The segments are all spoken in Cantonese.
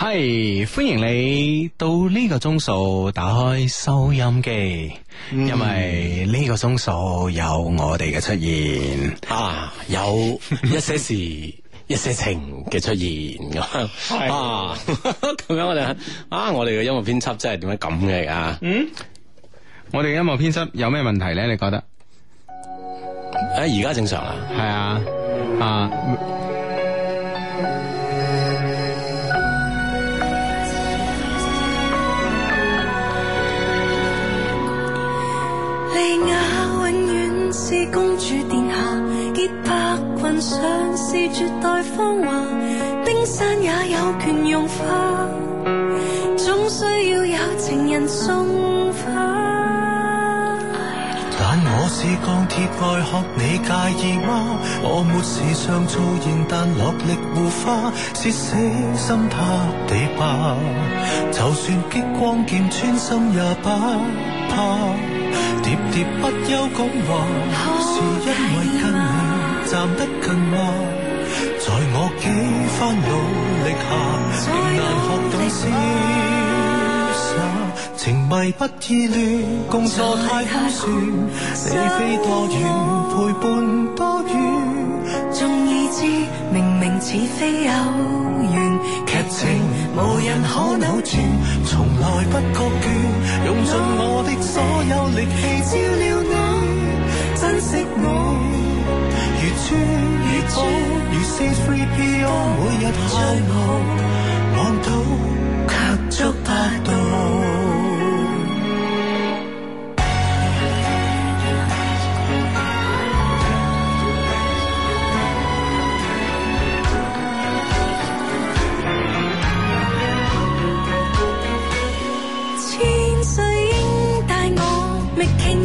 係，Hi, 歡迎你到呢個鐘數打開收音機，嗯、因為呢個鐘數有我哋嘅出現，嗯、啊，有一些事， 一些情嘅出現咁 啊，咁的 樣我哋啊，我哋嘅音樂編輯真係點樣咁嘅啊？嗯，我哋嘅音樂編輯有咩問題咧？你覺得？誒，而家正常啦，係啊，啊。啊啊啊麗雅永遠是公主殿下，潔白裙上是絕代芳華，冰山也有權融化，總需要有情人送花。但我是鋼鐵外殼，你介意嗎？我沒時尚造型，但落力護花，是死心塌地吧？就算激光劍穿心也不怕。喋喋不休講話，是因為跟你站得近嗎？在我幾番努力下，仍難學懂瀟灑，情迷不易亂，共坐太空船，你飛多遠，陪伴多遠，縱已知，明明似非有緣。劇情無人可扭轉，從來不覺倦，用盡我的所有力氣照亮我，珍惜你，如珠如寶，如四三二一，每日盼望，望到卻觸不到。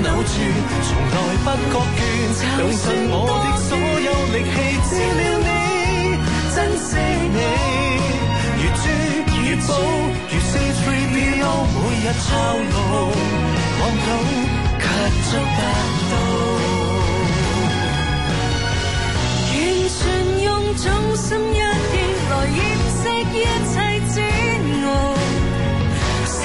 留住，從來不覺倦，覺用盡我的所有力氣，只了你，珍惜你，如珠如寶主，如是隨便用，每日看靠路望到，卻執不到，完全用衷心一點來掩飾一切。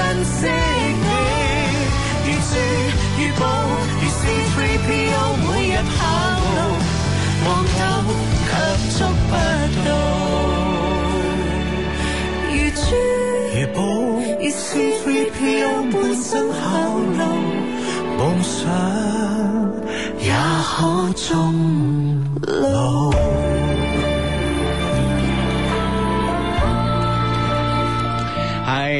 珍惜你，如珠如寶，如 C-3PO 每日跑路，望到卻捉不到。如珠如寶，PO, 如 C-3PO 半生厚道，夢想也可終老。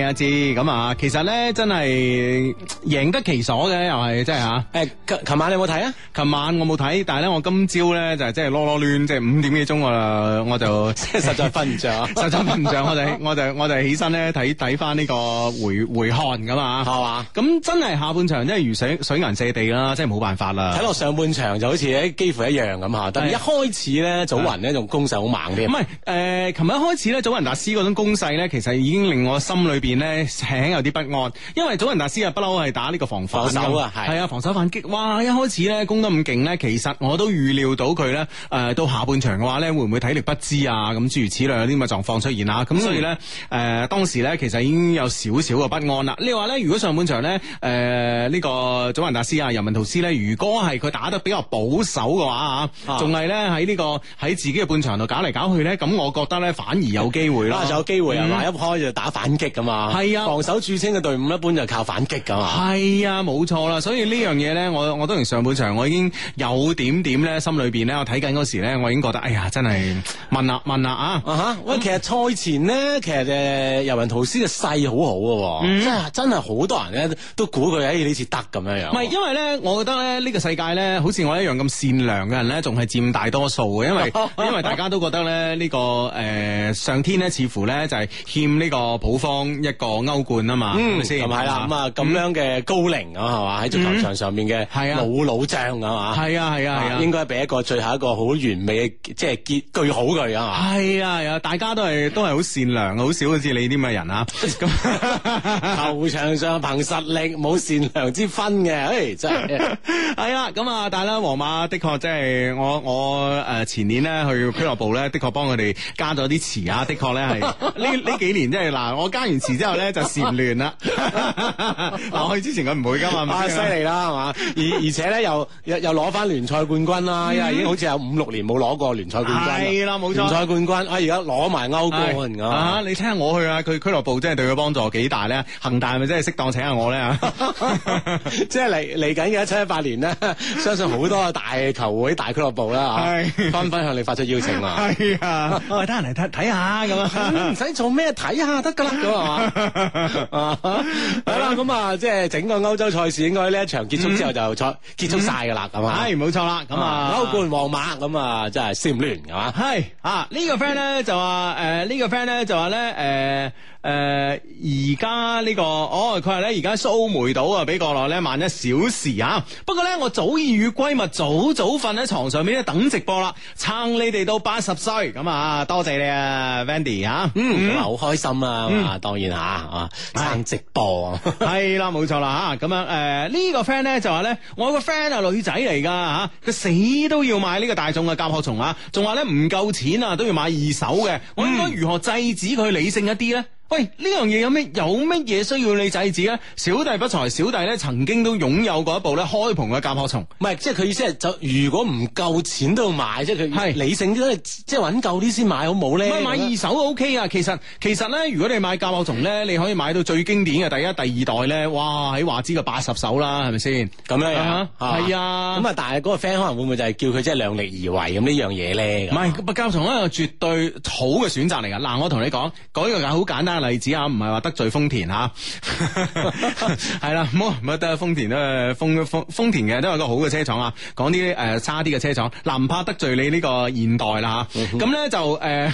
阿支咁啊，其實咧真係贏得其所嘅，又係即係吓。誒，琴、欸、晚你有冇睇啊？琴晚我冇睇，但係咧我今朝咧就係即係囉囉攣，即係五點幾鐘啊，我就 實在瞓唔着，實在瞓唔着，我就我就我就起身咧睇睇翻呢個回回看噶嘛，係嘛吧？咁真係下半場真係如水水銀瀉地啦，真係冇辦法啦。睇落上半場就好似喺幾乎一樣咁吓，但係一開始咧祖雲咧就攻勢好猛啲。唔係誒，琴、呃、日一開始咧祖雲達斯嗰種攻勢咧，其實已經令我心裏邊，咧輕輕有啲不安，因為祖雲達斯啊，不嬲係打呢個防，防守、啊，係啊防守反擊。哇！一開始咧攻得咁勁呢，其實我都預料到佢咧，誒、呃、到下半場嘅話咧，會唔會體力不支啊？咁諸如此類啲咁嘅狀況出現啊。咁所以咧，誒、呃、當時咧其實已經有少少嘅不安啦。你話咧，如果上半場咧，誒、呃、呢、呢個祖雲達斯啊、尤文圖斯咧，如果係佢打得比較保守嘅話啊，仲係咧喺呢個喺自己嘅半場度搞嚟搞去咧，咁我覺得咧反而有機會啦，啊、有機會係嘛，嗯、一開就打反擊㗎嘛。係啊，防守著稱嘅隊伍一般就靠反擊噶嘛。係啊，冇錯啦。所以呢樣嘢咧，我我當然上半場我已經有點點咧，心裏邊咧，我睇緊嗰時咧，我已經覺得，哎呀，真係問啦、啊、問啦啊啊吓！喂、啊哈嗯，其實賽前咧，其實誒，尤文圖斯嘅勢好好嘅、啊，即係、嗯、真係好多人咧都估佢喺呢次得咁樣樣。唔係，因為咧，我覺得咧，呢、這個世界咧，好似我一樣咁善良嘅人咧，仲係佔大多數嘅，因為 因為大家都覺得咧，呢、這個誒、呃、上天咧，似乎咧就係欠呢個普方一。個歐冠啊嘛，咪先咁係啦？咁啊咁樣嘅高齡啊，係嘛？喺足球場上面嘅冇老將啊嘛？係啊係啊係啊！啊啊應該俾一個最後一個好完美嘅，即係結句好佢啊嘛！係啊！大家都係都係好善良好少好似你啲咁嘅人啊！咁 球場上憑實力冇善良之分嘅，誒真係係啦！咁、就是、 啊，啊，但係咧皇馬的確即係我我誒前年呢去俱樂部咧的確幫佢哋加咗啲詞啊，的確咧係呢呢幾年即係嗱，我加完詞之後。後咧就蟬聯啦，我去之前佢唔會噶嘛，啊犀利啦係嘛？而而且咧又又又攞翻聯賽冠軍啦，因為好似有五六年冇攞過聯賽冠軍，係啦冇錯，聯賽冠軍，我而家攞埋歐冠噶，啊你聽下我去啊，佢俱樂部真係對佢幫助幾大咧，恒大係咪真係適當請下我咧啊，即係嚟嚟緊嘅一七一八年咧，相信好多大球會、大俱樂部啦，紛紛向你發出邀請啊，係啊，我哋得閒嚟睇睇下咁啊，唔使做咩？睇下得噶啦咁啊嘛。係 啦， 咁啊，即係整個歐洲賽事，應該呢一場結束之後就賽結束晒噶啦，咁啊，係、這個，冇錯啦，咁、呃、啊，歐冠皇馬，咁啊，真係善亂，係嘛？係啊，呢個 friend 咧就話，誒，呢個 friend 咧就話咧，誒。誒，而家呢個哦，佢話咧而家蘇梅島啊，俾國內咧慢一小時啊。不過咧，我早已與閨蜜早早瞓喺床上面等直播啦，撐你哋到八十歲。咁啊，多謝你啊，Vandy 啊，嗯，好、嗯、開心啊，嘛、嗯，當然吓、啊，啊，撐、啊、直播啊， 啊，係、啊、啦，冇錯啦，吓，咁樣誒，呢個 friend 咧就話咧，我個 friend 係女仔嚟噶吓，佢、啊、死都要買呢個大眾嘅甲殼蟲啊，仲話咧唔夠錢啊都要買二手嘅，我應該如何制止佢理性一啲咧？呢喂，呢樣嘢有咩有乜嘢需要你制止啊？小弟不才，小弟咧曾經都擁有過一部咧開篷嘅甲殼蟲，唔係，即係佢意思係就如果唔夠錢都要買，即係佢係理性啲，即係搵夠啲先買好冇咧？唔係買二手都 OK 啊！其實其實咧，如果你買甲殼蟲咧，你可以買到最經典嘅第一、第二代咧，哇喺華資嘅八十手啦，係咪先？咁樣啊，係啊，咁啊，啊啊但係嗰個 friend 可能會唔會就係叫佢即係量力而為咁呢樣嘢咧？唔係，甲殼蟲咧個絕對好嘅選擇嚟噶。嗱、啊，我同你講，嗰樣嘢好簡單。例子啊，唔係話得罪豐田吓，係啦，唔好唔好得罪豐田，都係豐豐豐田嘅都係個好嘅車廠啊，講啲誒差啲嘅車廠，嗱唔怕得罪你呢個現代啦吓，咁咧就誒。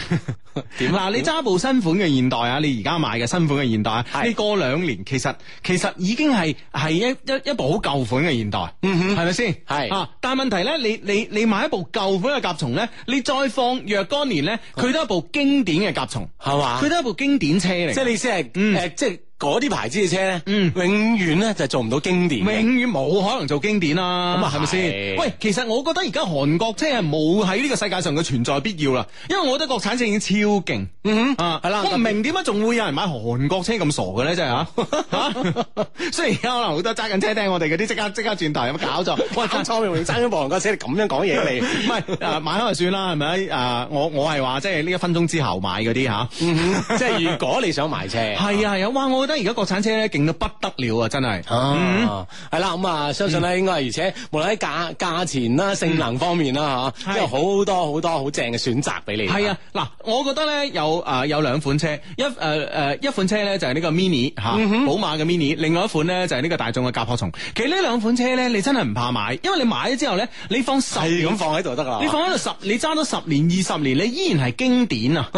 嗱，你揸部新款嘅現代啊，你而家買嘅新款嘅現代啊，是你過兩年其實其實已經係係一一一部好舊款嘅現代，係咪先？係是啊，但係問題咧，你你你買一部舊款嘅甲蟲咧，你再放若干年咧，佢都係一部經典嘅甲蟲，係嘛吧？佢都係一部經典車嚟。即係意思係誒，即係。嗰啲牌子嘅車咧，永遠咧就做唔到經典，永遠冇可能做經典啦。咁啊，係咪先？喂，其實我覺得而家韓國車係冇喺呢個世界上嘅存在必要啦，因為我覺得國產車已經超勁。嗯哼，係啦，我唔明點解仲會有人買韓國車咁傻嘅咧？真係吓吓！雖然而家可能好多揸緊車聽我哋嗰啲，即刻即刻轉台，有冇搞錯？喂，張兆銘生揸咗部韓國車，你咁樣講嘢未？唔係誒，買開就算啦，係咪？誒，我我係話即係呢一分鐘之後買嗰啲吓，即係如果你想買車，係啊係啊，哇我。我覺得而家國產車咧，勁到不得了啊！真係啊，係啦，咁啊，相信咧，應該係而且無論喺價價錢啦、性能方面啦，吓，即係好多好多好正嘅選擇俾你。係啊，嗱，我覺得咧有啊有兩款車，一誒誒一款車咧就係呢個 Mini 吓，寶馬嘅 Mini，另外一款咧就係呢個大眾嘅甲殼蟲。其實呢兩款車咧，你真係唔怕買，因為你買咗之後咧，你放十年咁放喺度得噶啦。你放喺度十，你揸多十年、二十年，你依然係經典啊！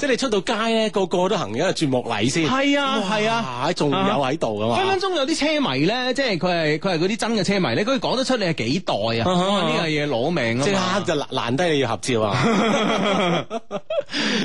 即係你出到街咧，個個都行嘅，注目禮先係啊。係啊，仲有喺度噶嘛？分分鐘有啲車迷咧，即係佢係佢係嗰啲真嘅車迷咧，佢可以講得出你係幾代啊？呢樣嘢攞命啊！即、啊、刻就攔攔低你要合照啊！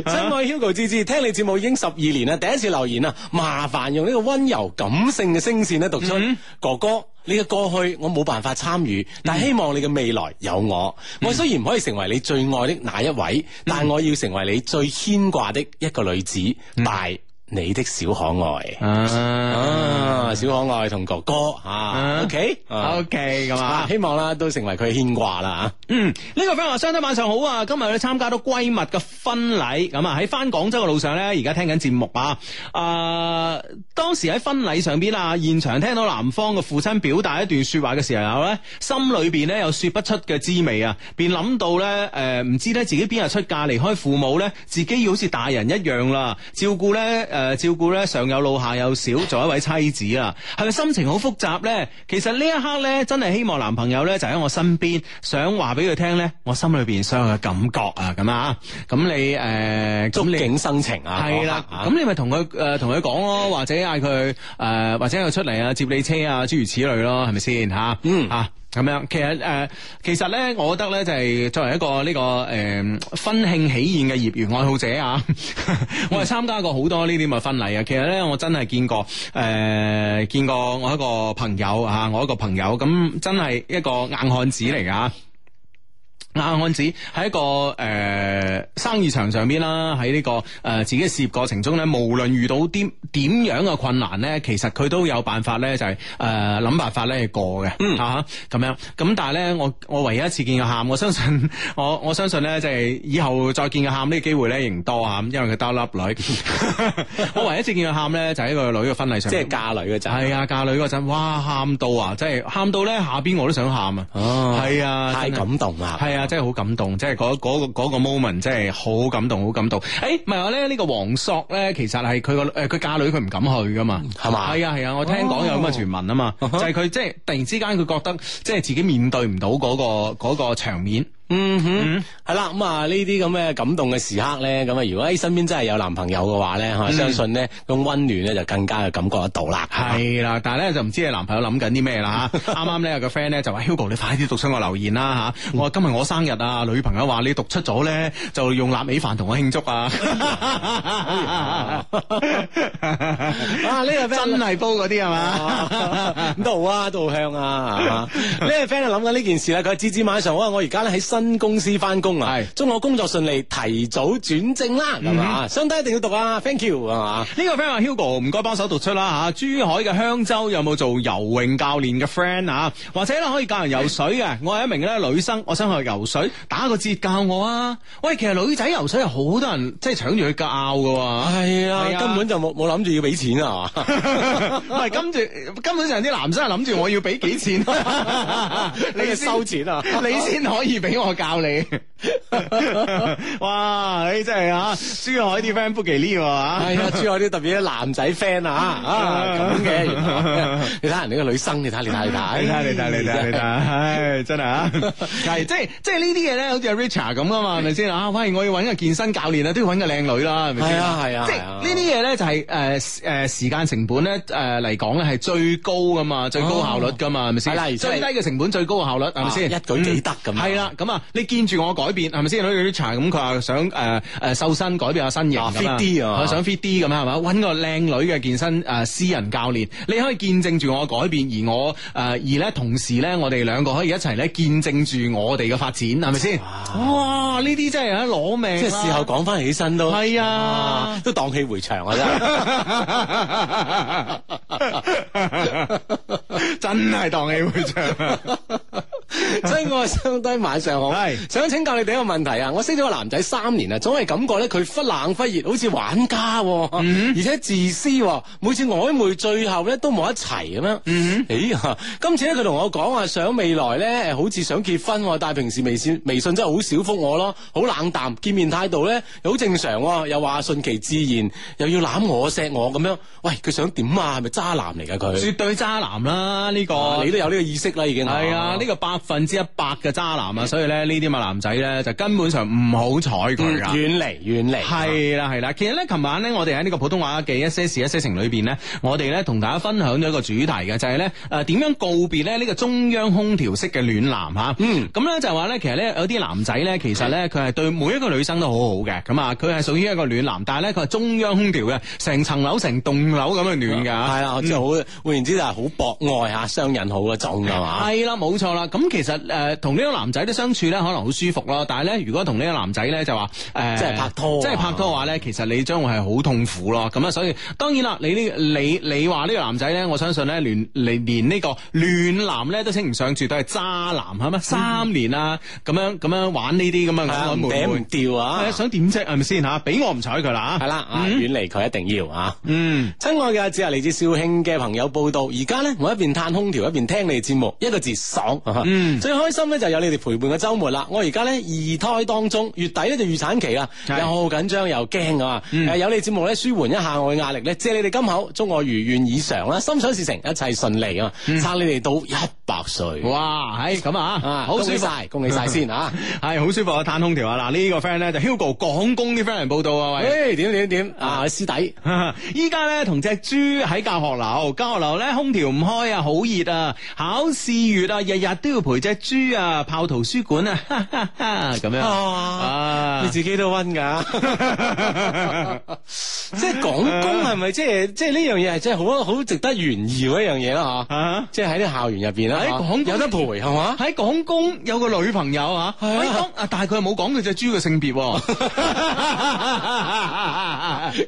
真 愛、 啊、Hugo 芝芝，聽你節目已經十二年啦，第一次留言啊！麻煩用呢個溫柔感性嘅聲線咧讀出：嗯、哥哥，你嘅過去我冇辦法參與，但希望你嘅未來有我。嗯、我雖然唔可以成為你最愛的那一位，但我要成為你最牽掛的一個女子。大你的小可愛啊，啊，小可愛同哥哥吓，OK OK 咁啊，希望啦都成為佢牽掛啦吓。嗯、呢、這個 friend 話 Sunday 晚上好啊，今日去參加到閨蜜嘅婚禮。咁啊，喺翻廣州嘅路上咧，而家聽緊節目啊。誒，當時喺婚禮上邊啊，現場聽到男方嘅父親表達一段說話嘅時候咧，心裏邊咧有說不出嘅滋味啊，便諗到咧，誒、呃，唔知咧自己邊日出嫁離開父母咧，自己要好似大人一樣啦，照顧咧。啊啊啊啊啊誒、呃，照顧咧上有老下有小，做一位妻子啊，係咪心情好複雜咧？其實呢一刻咧，真係希望男朋友咧就喺我身邊，想話俾佢聽咧，我心裏邊所有嘅感覺啊，咁啊，咁你誒、呃、觸景生情啊，係啦了，咁、啊、你咪同佢誒同佢講咯，或者嗌佢誒，或者佢出嚟啊，接你車啊，諸如此類咯，係咪先嚇？嗯嚇。啊咁樣，其實誒、呃，其實咧，我覺得咧，就係、是、作為一個呢、這個誒婚慶喜宴嘅業餘愛好者啊，我係參加過好多呢啲咁嘅婚禮啊。其實咧，我真係見過誒、呃，見過我一個朋友啊，我一個朋友咁，真係一個硬漢子嚟㗎。啊阿安子喺一個誒、呃、生意場上邊啦，喺呢、這個誒、呃、自己嘅事業過程中咧，無論遇到啲點樣嘅困難咧，其實佢都有辦法咧，就係誒諗辦法咧過嘅，吓咁、嗯啊、樣。咁但係咧，我我唯一一次見佢喊，我相信我我相信咧，即係以後再見佢喊呢個機會咧仍多啊。因為佢得粒女，我唯一一次見佢喊咧就係一個女嘅婚禮上，即係嫁女嘅陣。係、嗯、啊，嫁女嗰陣，哇，喊到啊，即係喊到咧下邊我都想喊啊。哦，係啊，啊太感動啦，係啊。即係好感動，即係、嗰個、嗰個 moment，即係好感動，好感動。誒、欸，唔係話咧，呢、這個王朔咧，其實係佢個誒，佢嫁女佢唔敢去噶嘛，係嘛吧？係啊係啊，我聽講有咁嘅傳聞啊嘛，哦、就係佢即係突然之間佢覺得即係自己面對唔到、嗰個、嗰個場面。嗯哼，係啦，咁啊呢啲咁嘅感動嘅時刻咧，咁啊如果喺身邊真係有男朋友嘅話咧，吓相信咧咁温暖咧就更加嘅感覺得到啦。係啦，但係咧就唔知你男朋友諗緊啲咩啦吓。啱啱咧個 friend 咧就話 Hugo 你快啲讀出我留言啦吓。我話今日我生日啊，女朋友話你讀出咗咧就用臘味飯同我慶祝啊。啊呢個真係煲嗰啲係嘛，都好啊都好香啊。呢個 friend 就諗緊呢件事啦，佢話芝芝晚上我我而家喺分公司翻工啊，祝我是工作順利，提早轉正啦，係嘛？雙低、mm hmm. 一定要讀啊，thank you，係嘛？呢個 friend Hugo 唔該幫手讀出啦，吓、啊、珠海嘅香洲有冇做游泳教練嘅 friend 啊？或者咧可以教人游水嘅，欸、我係一名咧女生，我想去游水，打個折教我啊！喂，其實女仔游水又好多人即係搶住去教嘅，係啊，根本就冇冇諗住要俾錢啊，係跟住根本上啲男生係諗住我要俾幾錢， 你要收錢啊， 你先才 可以俾我。 我教你，哇！你真係啊，珠海啲 friend bookie 嚟㗎，係啊，珠海啲特別啲男仔 friend 啊，咁嘅，你睇下人哋個女生，你睇下你睇你睇你睇你睇你睇，係真係啊，係即係即係呢啲嘢咧，好似阿 Richer 咁啊嘛，係咪先啊？喂，我要搵個健身教練啊，都要搵個靚女啦，係咪先？係啊，即係呢啲嘢咧就係誒誒時間成本咧誒，嚟講咧係最高噶嘛，最高效率噶嘛，係咪先？最低嘅成本，最高嘅效率，係咪先？一舉幾得咁，係啦，咁啊。你見住我改變係咪先？嗰啲查咁，佢話想誒誒、呃、瘦身改變下身形，fit 啲，佢想 fit 啲咁啊咪？揾個靚女嘅健身誒、呃、私人教練，你可以見證住我改變，而我誒、呃、而咧同時咧，我哋兩個可以一齊咧見證住我哋嘅發展，係咪先？哇！呢啲真係啊，攞命！即係事後講翻起身都係啊，都蕩氣回腸啊！真。 真係蕩氣迴腸啊！親 愛的晚上好，係是想請教你哋一個問題啊！我識咗個男仔三年啊，總係感覺咧佢忽冷忽熱，好似玩家，嗯、而且自私，每次曖昧最後咧都冇一齊咁樣。嗯，誒，今次咧佢同我講話想未來咧，好似想結婚，但係平時微信微信真係好少覆我咯，好冷淡，見面態度咧又好正常，又話順其自然，又要攬我錫我咁樣。喂，佢想點啊？係咪渣男嚟噶？佢絕對渣男啦！呢個你都有呢個意識啦，已經係啊！呢個百分之一百嘅渣男啊，所以咧呢啲啊男仔咧就根本上唔好睬佢噶，遠離遠離係啦係啦。其實咧琴晚咧我哋喺呢個普通話嘅一些事一些情裏邊咧，我哋咧同大家分享咗一個主題嘅，就係咧誒點樣告別咧呢個中央空調式嘅暖男吓，咁咧就係話咧其實咧有啲男仔咧其實咧佢係對每一個女生都好好嘅，咁啊佢係屬於一個暖男，但係咧佢係中央空調嘅，成層樓成棟樓咁樣暖噶，係啦，即係好換言之就係好博愛。係啊，相人好啊，種係嘛，係啦，冇錯啦。咁其實誒，同呢個男仔都相處咧，可能好舒服咯。但係咧，如果同呢個男仔咧就話誒，即係拍拖，即係拍拖嘅話咧，其實你將會係好痛苦咯。咁啊，所以當然啦，你呢，你你話呢個男仔咧，我相信咧，連連連呢個暖男咧都稱唔上住，都係渣男係咪？三年啊，咁樣咁樣玩呢啲咁樣，我頂唔掉啊，想點啫係咪先吓？俾我唔睬佢啦，係啦，啊，遠離佢一定要啊。嗯，親愛嘅只係嚟自肇慶嘅朋友報道，而家咧我一邊嘆空調一邊聽你哋節目，一個字爽。嗯，最開心咧就有你哋陪伴嘅周末啦。我而家咧二胎當中，月底咧就預產期啊是，又好緊張又驚啊。誒，有你節目咧舒緩一下我嘅壓力咧，借你哋金口，祝我如願以償啦，心想事成，一切順利啊，撐、嗯、你哋到一百歲。哇，係咁啊，好、啊、舒晒！恭喜晒先啊，係好 舒服啊！嘆空調啊。嗱呢個 friend 咧就是、Hugo 廣工啲 friend 嚟報道啊，喂，點點點啊，師弟，依家咧同隻豬喺教學樓，教學樓咧空調唔開啊。好熱啊！考試月啊，日日都要陪隻豬啊，泡圖書館啊，咁 樣啊、哦，你自己都溫噶， 即係廣工係咪、即係？即係即係呢樣嘢係真係好好值得炫耀一樣嘢咯？嗬，即係喺啲校園入邊啊，啊面啊有得陪係嘛？喺廣 工有個女朋友啊，喺 廣呀 啊，但係佢冇講佢隻豬嘅性別，咁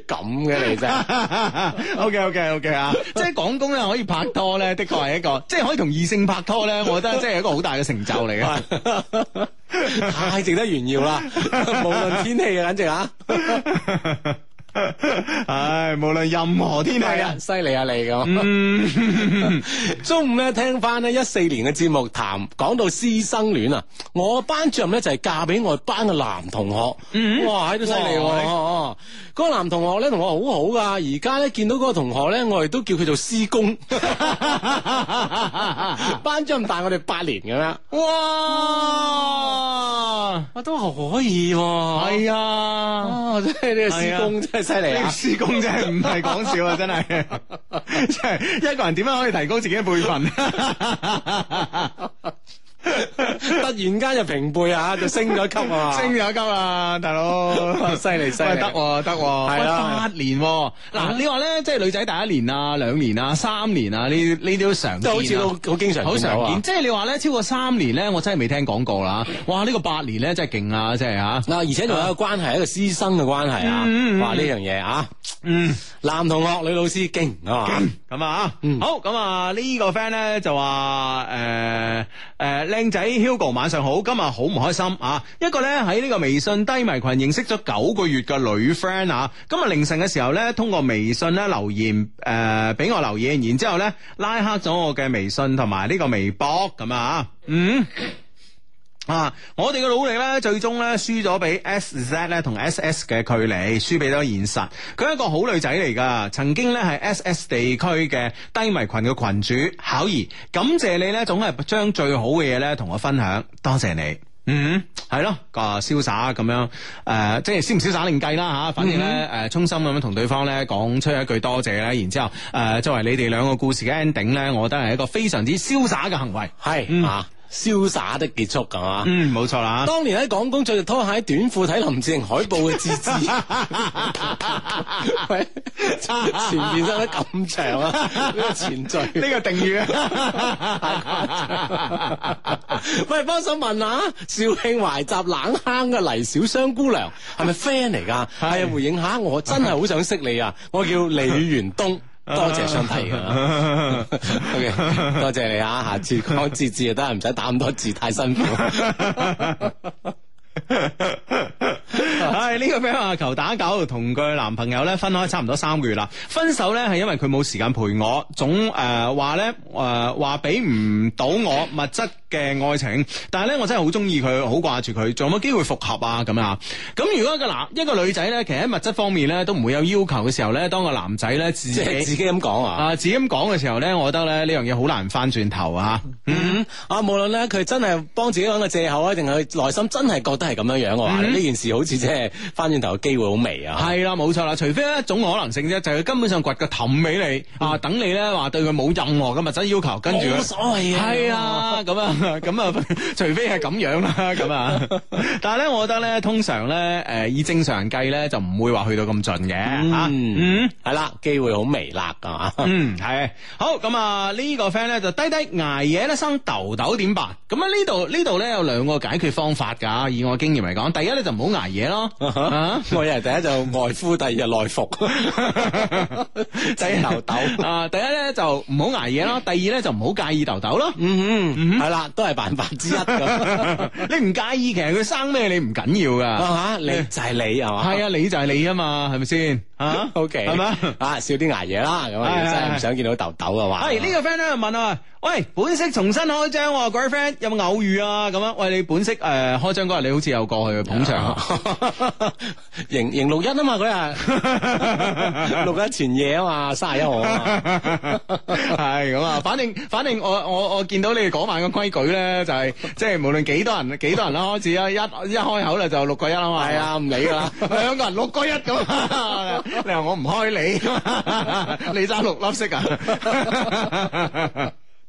嘅嚟啫。O K O K O K 啊， 即係廣工咧可以拍拖咧係一個，即係可以同異性拍拖咧，我覺得即係一個好大嘅成就嚟嘅，太值得炫耀啦！ 無論天氣啊，簡直啊。唉、 哎，無論任何天氣 啊，犀利啊你咁。 中午咧聽翻咧一四年嘅節目談，談講到師生戀啊，我班主任咧就係嫁俾我班嘅男同學。哇，喺都犀利。哦，嗰、啊嗰個男同學咧同我好好、啊、噶，而家咧見到嗰個同學咧，我哋都叫佢做師公。 班主任帶我哋八年咁樣。哇，我都可以喎。係啊，啊，啊真係呢個師公犀利，施工真係唔係講笑啊，真係，即係一個人點樣可以提高自己嘅輩分？ 突然間就平輩啊，就升咗級啊，升咗級啊，大佬，犀利犀利，得喎得喎，啊，八年嗱，你話咧，即係女仔大一年啊，兩年啊，三年啊，呢呢啲都常，即好似都好經常，好常即係你話咧超過三年咧，我真係未聽講過啦，哇，呢個八年咧真係勁啊，即係吓嗱，而且仲有個關係係一個師生嘅關係啊，話呢樣嘢啊，嗯，男同學女老師勁啊，咁啊好咁啊呢個 friend 咧就話誒誒。靚仔，Hugo 晚上好，今日好唔開心啊！一個咧喺呢個微信低迷群認識咗九個月嘅女 friend 啊，今日凌晨嘅時候咧，通過微信咧留言誒，俾、呃、我留言，然之後咧拉黑咗我嘅微信同埋呢個微博咁啊，嗯。啊！我哋嘅努力咧，最終咧輸咗俾 S Z 咧同 S S 嘅距離，輸俾咗現實。佢係一個好女仔嚟噶，曾經咧係 S S 地區嘅低迷群嘅群主巧兒，感謝你咧，總係將最好嘅嘢咧同我分享，多謝你。嗯，係咯，啊，瀟灑咁樣，誒、呃，即係瀟唔瀟灑另計啦吓，反正咧，誒、嗯，衷、呃、心咁樣同對方咧講出一句多謝咧，然之後誒、呃，作為你哋兩個故事嘅 ending 咧，我覺得係一個非常之瀟灑嘅行為，係啊。嗯瀟灑的結束，咁啊，嗯，冇錯啦。當年喺廣工着住拖鞋短褲睇林志玲海報嘅志志，喂，前面生得咁長啊，呢個前綴，呢個定語。喂，幫手問下，肇慶懷集冷坑嘅黎小雙姑娘係咪 friend 嚟噶？係啊是，回應下，我真係好想識你啊， 我叫李元東。多謝上帝啊！OK，多謝你啊！下次講字字啊，都係唔使打咁多字，太辛苦。 係呢、哎這個朋友求打攪，同佢男朋友咧分開差唔多三個月啦。分手咧係因為佢冇時間陪我，總誒話咧誒話俾唔到我物質嘅愛情。但係咧我真係好中意佢，好掛住佢，仲有冇機會復合啊？咁啊？咁如果個男一個女仔咧，其實喺物質方面咧都唔會有要求嘅時候咧，當個男仔咧自己自己咁講啊，啊，自己咁講嘅時候咧，我覺得咧呢樣嘢好難翻轉頭啊。嗯，啊無論咧佢真係幫自己搵個借口內、嗯、啊，定係內心真係覺得係咁樣樣嘅話，呢件事好似翻轉頭嘅機會好微啊，係啦、啊，冇錯啦，除非一種可能性啫，就佢、係、根本上掘個氹俾你啊，嗯、等你咧話對佢冇任何嘅物質要求，跟住冇所謂嘅，係啊，咁啊，咁啊，除非係咁樣啦，咁啊， 但係咧，我覺得咧，通常咧，誒，以正常計咧，就唔會話去到咁盡嘅吓，係啦，機會好微辣噶、啊嗯，嗯，係、這、好、個，咁啊，呢個 friend 咧就低低捱夜咧生痘痘，點辦？咁啊呢度呢度咧有兩個解決方法噶，以我經驗嚟講，第一咧就唔好捱夜咯。啊啊、我以為第一就外敷，第二就內服，擠豆豆啊！第一咧就唔好捱夜咯，第二咧就唔好介意豆豆咯。嗯哼嗯哼，係啦，都係辦法之一。 你唔介意，其實佢生咩你唔緊要噶吓，你,、啊啊、你就係、是、你係嘛？係啊, 啊，你就係你啊嘛，係咪先？啊，OK，係嘛，啊，少啲捱夜啦，咁啊，樣真係唔想見到豆豆啊。話、哎。係、這個、呢個 friend 咧問啊，喂，本色重新開張，各位 friend 有冇偶遇啊？咁樣，喂，你本色誒、呃、開張嗰日，你好似有過去嘅捧場，迎迎、啊、 六一啊嘛，嗰日六一前夜啊嘛，三十一號啊嘛，係咁啊，反正反正我我我，我見到你哋嗰晚嘅規矩咧，就係、是就是、即係無論幾多人幾多人啦開始啊， 一一開口咧就六個一啊嘛，係 啊，唔理㗎啦，兩 個人六個一咁 你話，我唔開你， 你揸六粒色啊！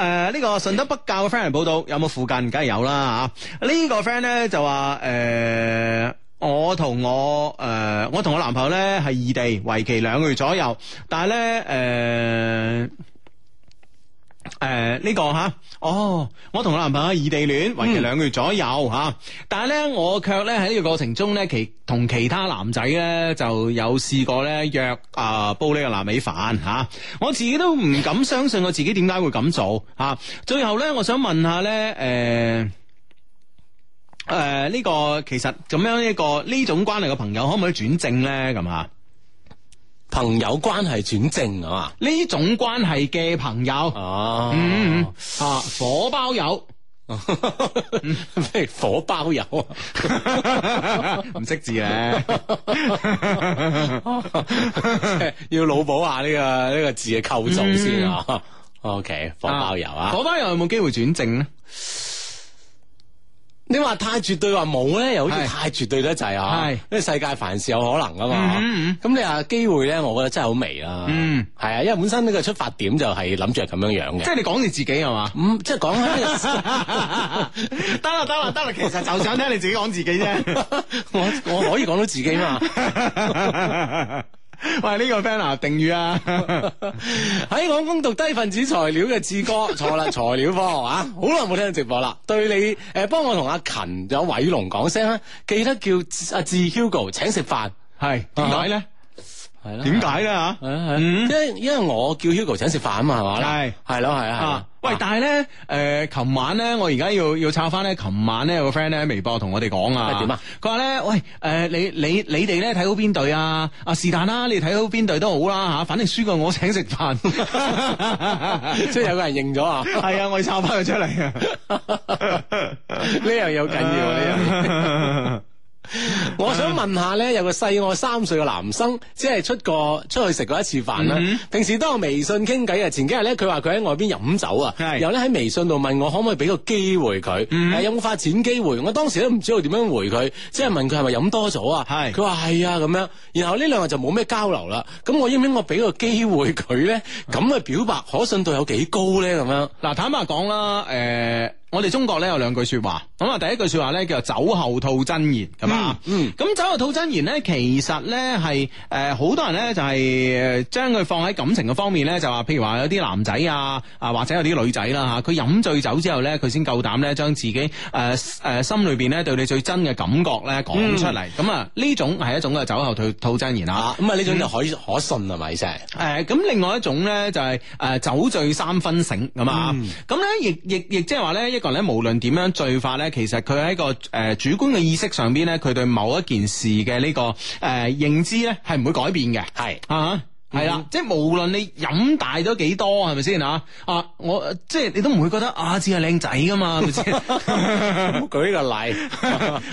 誒，呢、呃這個順德北教嘅 friend 嚟報道，有冇附近？梗係有啦吓。啊這個、呢個 friend 咧就話：誒、呃，我同我誒、呃，我同我男朋友咧係異地，為期兩個月左右。但係咧，誒、呃。誒，呢、呃這個吓，哦，我同我男朋友異地戀，為期兩個月左右吓，但係呢，我卻咧喺呢個過程中呢其同其他男仔呢就有試過呢約、呃、煲啊煲呢個臘味飯吓，我自己都唔敢相信我自己點解會咁做吓、啊。最後呢，我想問下呢，誒、呃，誒、呃，呢、這個其實咁樣一個呢種關係嘅朋友可唔可以轉正呢？咁啊？朋友關係轉正啊嘛？呢種關係嘅朋友哦，嗯、啊火包友，咩 火包友啊？唔識字啊，要腦補下呢個呢個字嘅構造先啊。嗯、 OK，火包友啊，啊火包友有冇機會轉正咧？你話太絕對話冇咧，又好似太絕對得滯是啊！呢個世界凡事有可能噶嘛？咁、mm hmm. 你話機會咧，我覺得真係好微啊！係、mm hmm. 啊，因為本身呢個出發點就係諗住係咁樣樣嘅。即係你講你自己係嘛？嗯，即係講得啦，得啦， 得啦！其實就想聽你自己講自己啫。 我我可以講到自己嘛。 喂，呢、這個 friend 啊，定語啊，喺廣工讀低分子材料嘅志哥，錯啦，材料科啊，好耐冇聽到直播啦，對你誒，幫、呃、我同阿勤有偉龍講聲啊，記得叫阿志 Hugo 請食飯，係點解咧？係啦，點解咧吓？因為、嗯、因為我叫 Hugo 請食飯啊嘛，係嘛啦？係係咯係啊！喂，但係咧，誒，琴晚咧，我而家要要抄翻咧，琴晚咧有個 friend 咧喺微博同我哋講啊。點啊？佢話咧，喂，誒，你你你哋咧睇好邊隊啊？啊是但啦，你睇好邊隊都好啦吓，反正輸過我請食飯，即 係 有個人認咗啊！係啊， 我抄翻佢出嚟啊！呢 樣 有緊要啊，呢樣？ 我想問下咧，有個細我三歲嘅男生，即係出過出去食過一次飯啦。Mm hmm. 平時都有微信傾偈啊。前幾日咧，佢話佢喺外邊飲酒啊，然後咧喺微信度問我可唔可以俾個機會佢，mm hmm. 啊，有冇發展機會？我當時都唔知道點樣回佢，即係問佢係咪飲多咗，mm hmm. 啊？佢話係啊咁樣。然後呢兩日就冇咩交流啦。咁我應唔應該俾個機會佢咧？咁嘅表白可信度有幾高咧？咁樣嗱，啊，坦白講啦，誒、呃。我哋中國咧有兩句說話，咁啊第一句說話咧叫做酒後吐真言，係嘛、嗯？嗯，咁酒後吐真言咧，其實咧係誒好多人咧就係將佢放喺感情嘅方面咧，就話譬如話有啲男仔啊啊或者有啲女仔啦吓，佢飲醉酒之後咧，佢先夠膽咧將自己誒誒、呃呃、心裏邊咧對你最真嘅感覺咧講出嚟，咁啊呢種係一種嘅酒後吐吐真言啊，咁啊呢種就可可信係咪先？誒、嗯，咁、嗯嗯、另外一種咧就係、是、誒酒醉三分醒，係嘛、嗯？咁咧亦亦亦即係話咧一個咧，無論點樣罪化咧，其實佢喺個誒、呃、主觀嘅意識上邊咧，佢對某一件事嘅呢、這個誒、呃、認知咧，係唔會改變嘅，係啊是。Uh huh. 係啦，即係無論你飲大咗幾多，係咪先啊？啊，我即係你都唔會覺得啊，只係靚仔噶嘛？係咪先，舉個例，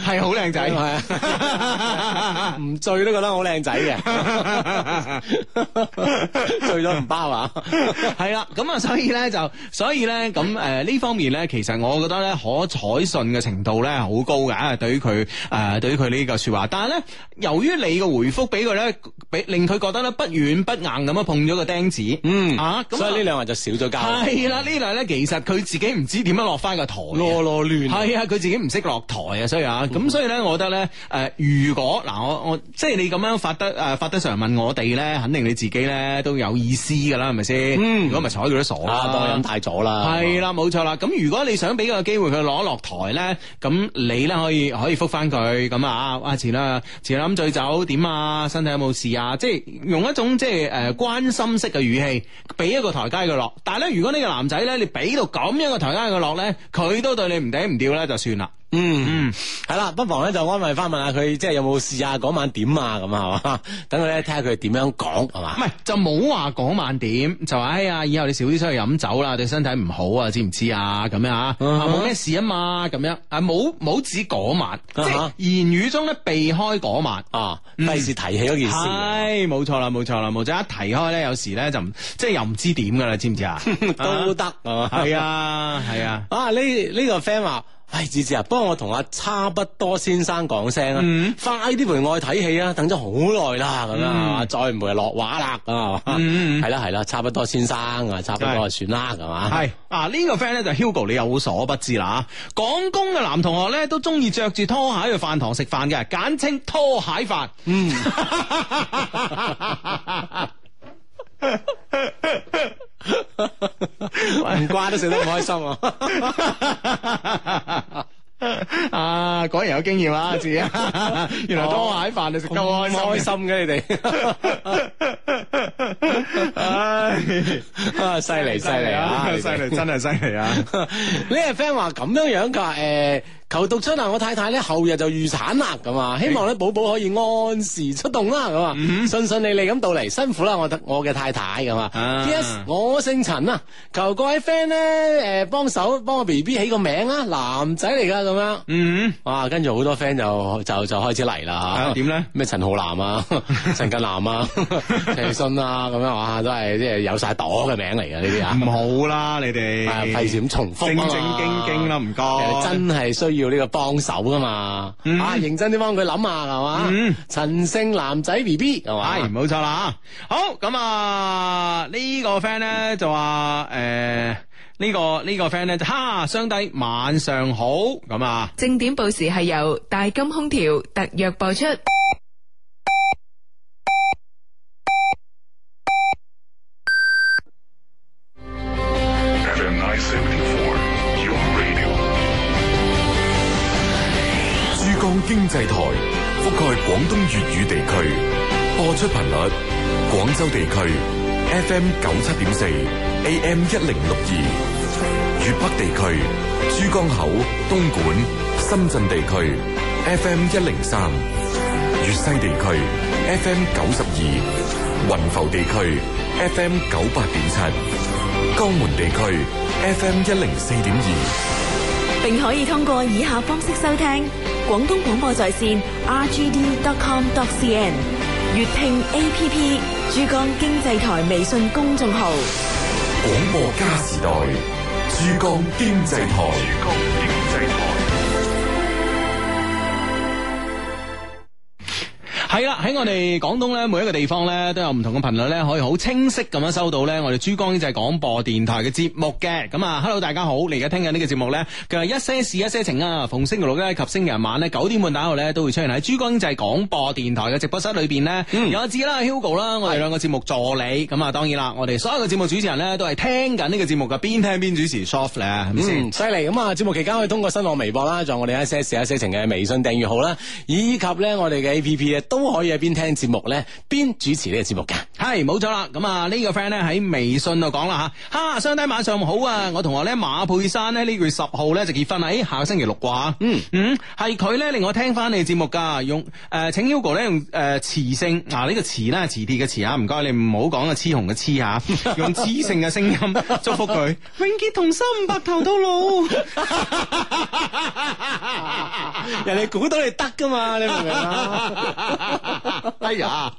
係好靚仔，係啊，唔醉都覺得好靚仔嘅，醉咗唔包啊。係啦，咁啊，所以咧就，所以咧咁誒呢方面咧，其實我覺得咧可採信嘅程度咧好高噶，對於佢誒對於佢呢個說話，her athan to her 但係咧由於你嘅回覆俾佢咧，俾令佢覺得咧不遠。不硬咁啊，碰咗個釘子，嗯啊，所以呢兩人就少咗交流。係啦，呢兩咧其實佢自己唔知點樣落翻個台，落落亂。係啊，佢自己唔識落台啊，所以啊，咁所以咧，我覺得咧，誒，如果嗱，我我即係你咁樣發得誒發得上嚟問我哋咧，肯定你自己咧都有意思噶啦，係咪先？如果咪坐喺度都傻啦，當飲太咗啦。係啦，冇錯啦。咁如果你想俾個機會佢攞落台咧，咁你咧可以可以復翻佢咁啊，阿錢啦，錢諗醉酒點啊，身體有冇事啊？即係用一種即係。誒，關心式嘅語氣，俾一個台階佢落。但係咧，如果呢個男仔咧，你俾到咁樣嘅台階佢落咧，佢都對你唔頂唔掉咧，就算啦。嗯， 嗯，係啦、 嗯，不妨咧就安慰翻問下佢，即係有冇事啊？嗰晚點啊，咁啊，係 嘛？等佢咧睇下佢點樣講，係嘛？唔係就冇話講晚點，就話哎呀，以後你少啲出去飲酒啦，對身體唔好啊，知唔知啊？咁樣啊，冇咩事啊嘛，咁樣 啊，冇冇指嗰晚，即係言語中咧避開嗰晚啊，但係提起嗰件事。係冇錯啦，冇錯啦，冇錯，一提開咧，有時咧就即係又唔知點噶啦，知唔知啊？都得係啊，係啊，啊呢呢個 friend 話。哎，志志啊，幫我同阿差不多先生講聲啊，嗯、快啲陪我去睇戲啊，等咗好耐啦，咁樣、嗯、再唔會落畫啦，咁、嗯嗯、啊，嘛，係啦係啦，差不多先生啊，差不多就算啦，咁嘛的。係的啊，呢、這個 friend 咧就 Hugo，你有所不知啦吓，港工嘅男同學咧都中意着住拖鞋去度飯堂食飯嘅，簡稱拖鞋飯。唔瓜 都食得唔開心啊！ 啊，果然有經驗啊，阿自啊， 原來當蟹飯、哦、你食得咁開心嘅、啊啊，你哋。 唉、 哎，犀利犀利啊，犀利真係犀利啊！呢個 friend 話咁樣樣噶，誒、呃，求讀出啊，我太太咧後日就預產啦，咁啊，希望咧寶寶可以按時出動啦，咁啊，順順利利咁到嚟，辛苦啦我我嘅太太，咁啊 y s yes, 我姓陳啊，求各位 friend 咧，誒，幫手幫我 B B 起個名、嗯、啊，男仔嚟噶咁樣，嗯，哇，跟住好多 friend 就就就開始嚟啦，點咧、啊？咩陳浩南啊，陳近南啊，陳。 話啦咁樣話們啊，都係即係有晒朵嘅名嚟嘅呢啲啊，唔好啦你哋費事咁重複，正正經經啦，唔該，其實真係需要呢個幫手噶嘛，嗯、啊認真啲幫佢諗下係嘛，陳、嗯、姓男仔 B B 係嘛，係冇錯啦，好咁啊、這個、呢、呃這個、這個、friend 咧就話誒呢個呢個 friend 咧，哈雙低晚上好咁啊，正點報時係由大金空調特約播出。經濟台覆蓋廣東粵語地區，播出頻率：廣州地區 FM 九七點四，AM 一零六二；粵北地區珠江口、東莞、深圳地區 FM 一零三，粵西地區 FM 九十二，雲浮地區 FM 九八點七，江門地區 FM 一零四點二。並可以通過以下方式收聽，廣東廣播在線 r g d dot com dot c n 粵聽 a p p 珠江經濟台微信公眾號廣播加時代珠江經濟台珠江經濟台。係啦，喺我哋廣東咧，每一個地方咧都有唔同嘅頻率咧，可以好清晰咁樣收到咧，我哋珠江經濟廣播電台嘅節目嘅。咁啊，hello，大家好，你而家聽緊呢個節目呢，咧，就係一些事一些情啊，逢星期六咧及星期日晚咧九點半打後咧都會出現喺珠江經濟廣播電台嘅直播室裏邊呢。嗯、有我自己啦，Hugo 啦，我哋兩個節目助理。咁啊是，當然啦，我哋所有嘅節目主持人呢，都係聽緊呢個節目嘅，邊聽邊主持 soft 咧，係咪先？犀利、嗯。咁啊，節目期間可以通過新浪微博啦，仲有我哋一些事一,一些情嘅微信訂閱號啦，以及咧我哋嘅 A P P 都。都可以喺邊聽節目咧，邊主持呢個節目噶。係冇錯啦，咁啊呢個 friend 咧喺微信度講啦吓，哈、啊，兄弟晚上好啊！我同學咧馬佩珊咧呢個月十號咧就結婚啦，誒、欸，下個星期六啩？嗯嗯，係佢咧令我聽翻你節目噶，用誒、呃，請 U 哥咧用誒磁性，嗱，呢個磁啦磁鐵嘅磁吓。唔該你唔好講啊雌雄嘅雌吓。用磁性嘅聲音祝福佢， 永結同心，白頭到老。 人哋估到你得噶嘛，你明唔明 哎呀，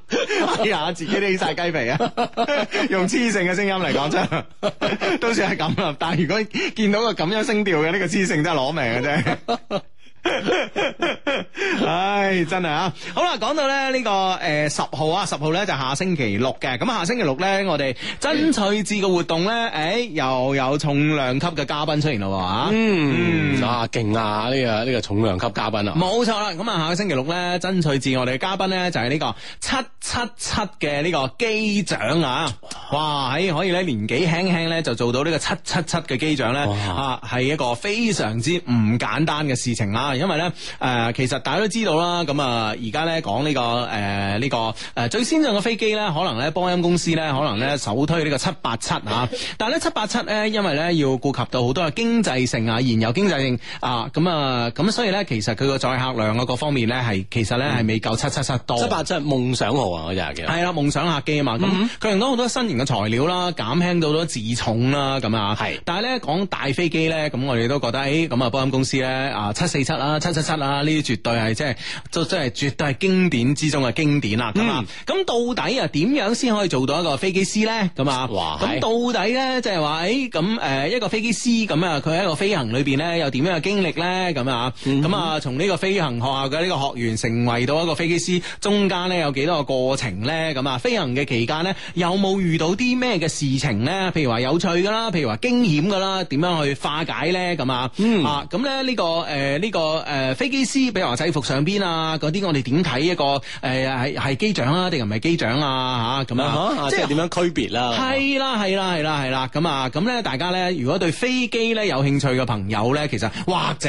哎呀，自己起晒雞皮啊！ 用黐性嘅聲音嚟講真， 都算係咁啦。但係如果見到個咁樣聲調嘅呢 個黐性真，真係攞命嘅啫。 唉，真係啊！好啦，講到咧、這、呢個誒十、呃、號啊，十號咧就是、下星期六嘅咁啊，下星期六咧我哋真趣志嘅活動咧，誒、欸、又有重量級嘅嘉賓出現咯，吓、啊、嗯，嗯啊勁啊呢、這個呢、這個重量級嘉賓啊，冇錯啦！咁啊下個星期六咧真趣志我哋嘅嘉賓咧就係、是、呢個七七七嘅呢個機長啊，哇喺可以咧年紀輕輕咧就做到個呢個七七七嘅機長咧啊係一個非常之唔簡單嘅事情啦、啊。因為咧，誒、呃，其實大家都知道啦，咁啊，而家咧講呢、這個誒，呢、呃這個誒、呃，最先進嘅飛機咧，可能咧，波音公司咧，可能咧，首推呢個七八七啊。但係咧，七八七咧，因為咧，要顧及到好多嘅經濟性啊，燃油經濟性啊，咁啊，咁所以咧，其實佢個載客量啊，各方面咧，係其實咧，係未夠七七七多。七八七係夢想號啊，我日其實係啦，夢想客機啊嘛，咁、啊、佢、嗯嗯、用咗好多新型嘅材料啦，減輕到咗自重啦，咁啊，係。但係咧，講大飛機咧，咁我哋都覺得，誒、哎，咁啊，波音公司咧啊，七四七。啦七七七啦，呢啲絕對係即係，都真係絕對係經典之中嘅經典啦，咁啊！咁、嗯嗯、到底啊點樣先可以做到一個飛機師咧？咁啊！咁嘩到底咧，即係話誒咁誒一個飛機師咁啊，佢喺一,一個飛行裏邊咧，又點樣嘅經歷咧？咁啊！咁啊，從呢個飛行學校嘅呢個學員，成為到一個飛機師，中間咧有幾多個過程咧？咁啊，飛行嘅期間咧，有冇遇到啲咩嘅事情咧？譬如話有趣噶啦，譬如話驚險噶啦，點樣去化解咧？咁、嗯、啊，啊咁咧呢個誒呢個。個誒飛機師，比如話制服上邊，呃、啊，嗰啲我哋點睇一個誒係係機長啦，定係唔係機長啊吓咁樣，啊、哈即係點樣區別啦？係啦係啦係啦係啦，咁啊咁咧，大家咧如果對飛機咧有興趣嘅朋友咧，其實或者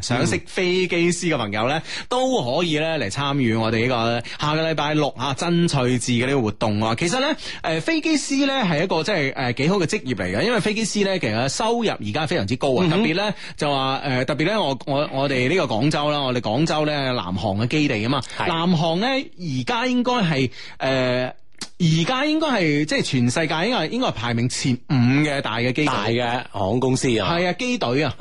想識飛機師嘅朋友咧，都可以咧嚟參與我哋呢個下個禮拜六啊真趣志嘅呢個活動啊。其實咧，誒、呃、飛機師咧係一個即係誒幾好嘅職業嚟嘅，因為飛機師咧其實收入而家非常之高啊，特別咧就話誒、呃、特別咧我我。我我哋呢個廣州啦，我哋廣州咧，南航嘅基地啊嘛，是的 南航咧而家應該係誒。呃而家應該係即係全世界應該係應該係排名前五嘅大嘅機隊，大嘅航空公司啊，係啊機隊啊，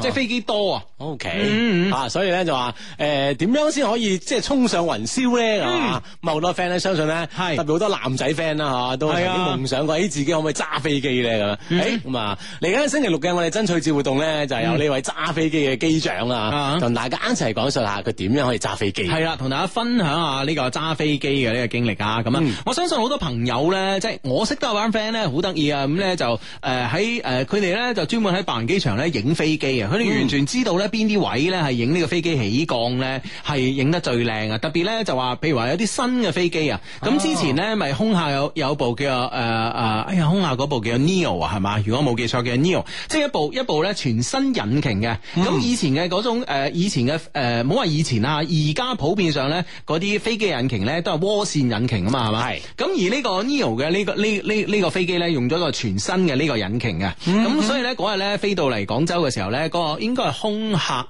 即係飛機多啊，OK 嚇，所以咧就話誒點樣先可以即係衝上雲霄咧，咁啊好多 friend 咧相信咧，特別好多男仔 friend 啦嚇，都有啲夢想過自己可唔可以揸飛機咧咁樣。咁啊，嚟緊星期六嘅我哋爭取節活動咧，就係有呢位揸飛機嘅機長啊，同大家一齊講述下佢點樣可以揸飛機。係啦，同大家分享下呢個揸飛機嘅呢個經歷啊，咁啊，我相信。好多朋友咧，即係我識得有班 friend 咧，好得意啊！咁、呃、咧就誒喺誒，佢哋咧就專門喺白雲機場咧影飛機啊！佢哋完全知道咧邊啲位咧係影呢個飛機起降咧係影得最靚啊！特別咧就話，譬如話有啲新嘅飛機啊，咁、哦、之前咧咪空下有有部叫誒誒、呃，哎呀空下嗰部叫 Neo 啊，係嘛？如果冇記錯嘅 Neo，即係一部一部咧全新引擎嘅。咁、嗯、以前嘅嗰種誒、呃，以前嘅誒，唔好話以前啊，而家普遍上咧嗰啲飛機引擎咧都係渦扇引擎啊嘛，係咪？係咁。而呢個 neo 嘅呢、呢個呢呢呢個飛機咧，用咗個全新嘅呢個引擎啊，咁、mm hmm。所以咧嗰日咧飛到嚟廣州嘅時候咧，嗰、嗰個應該係空客。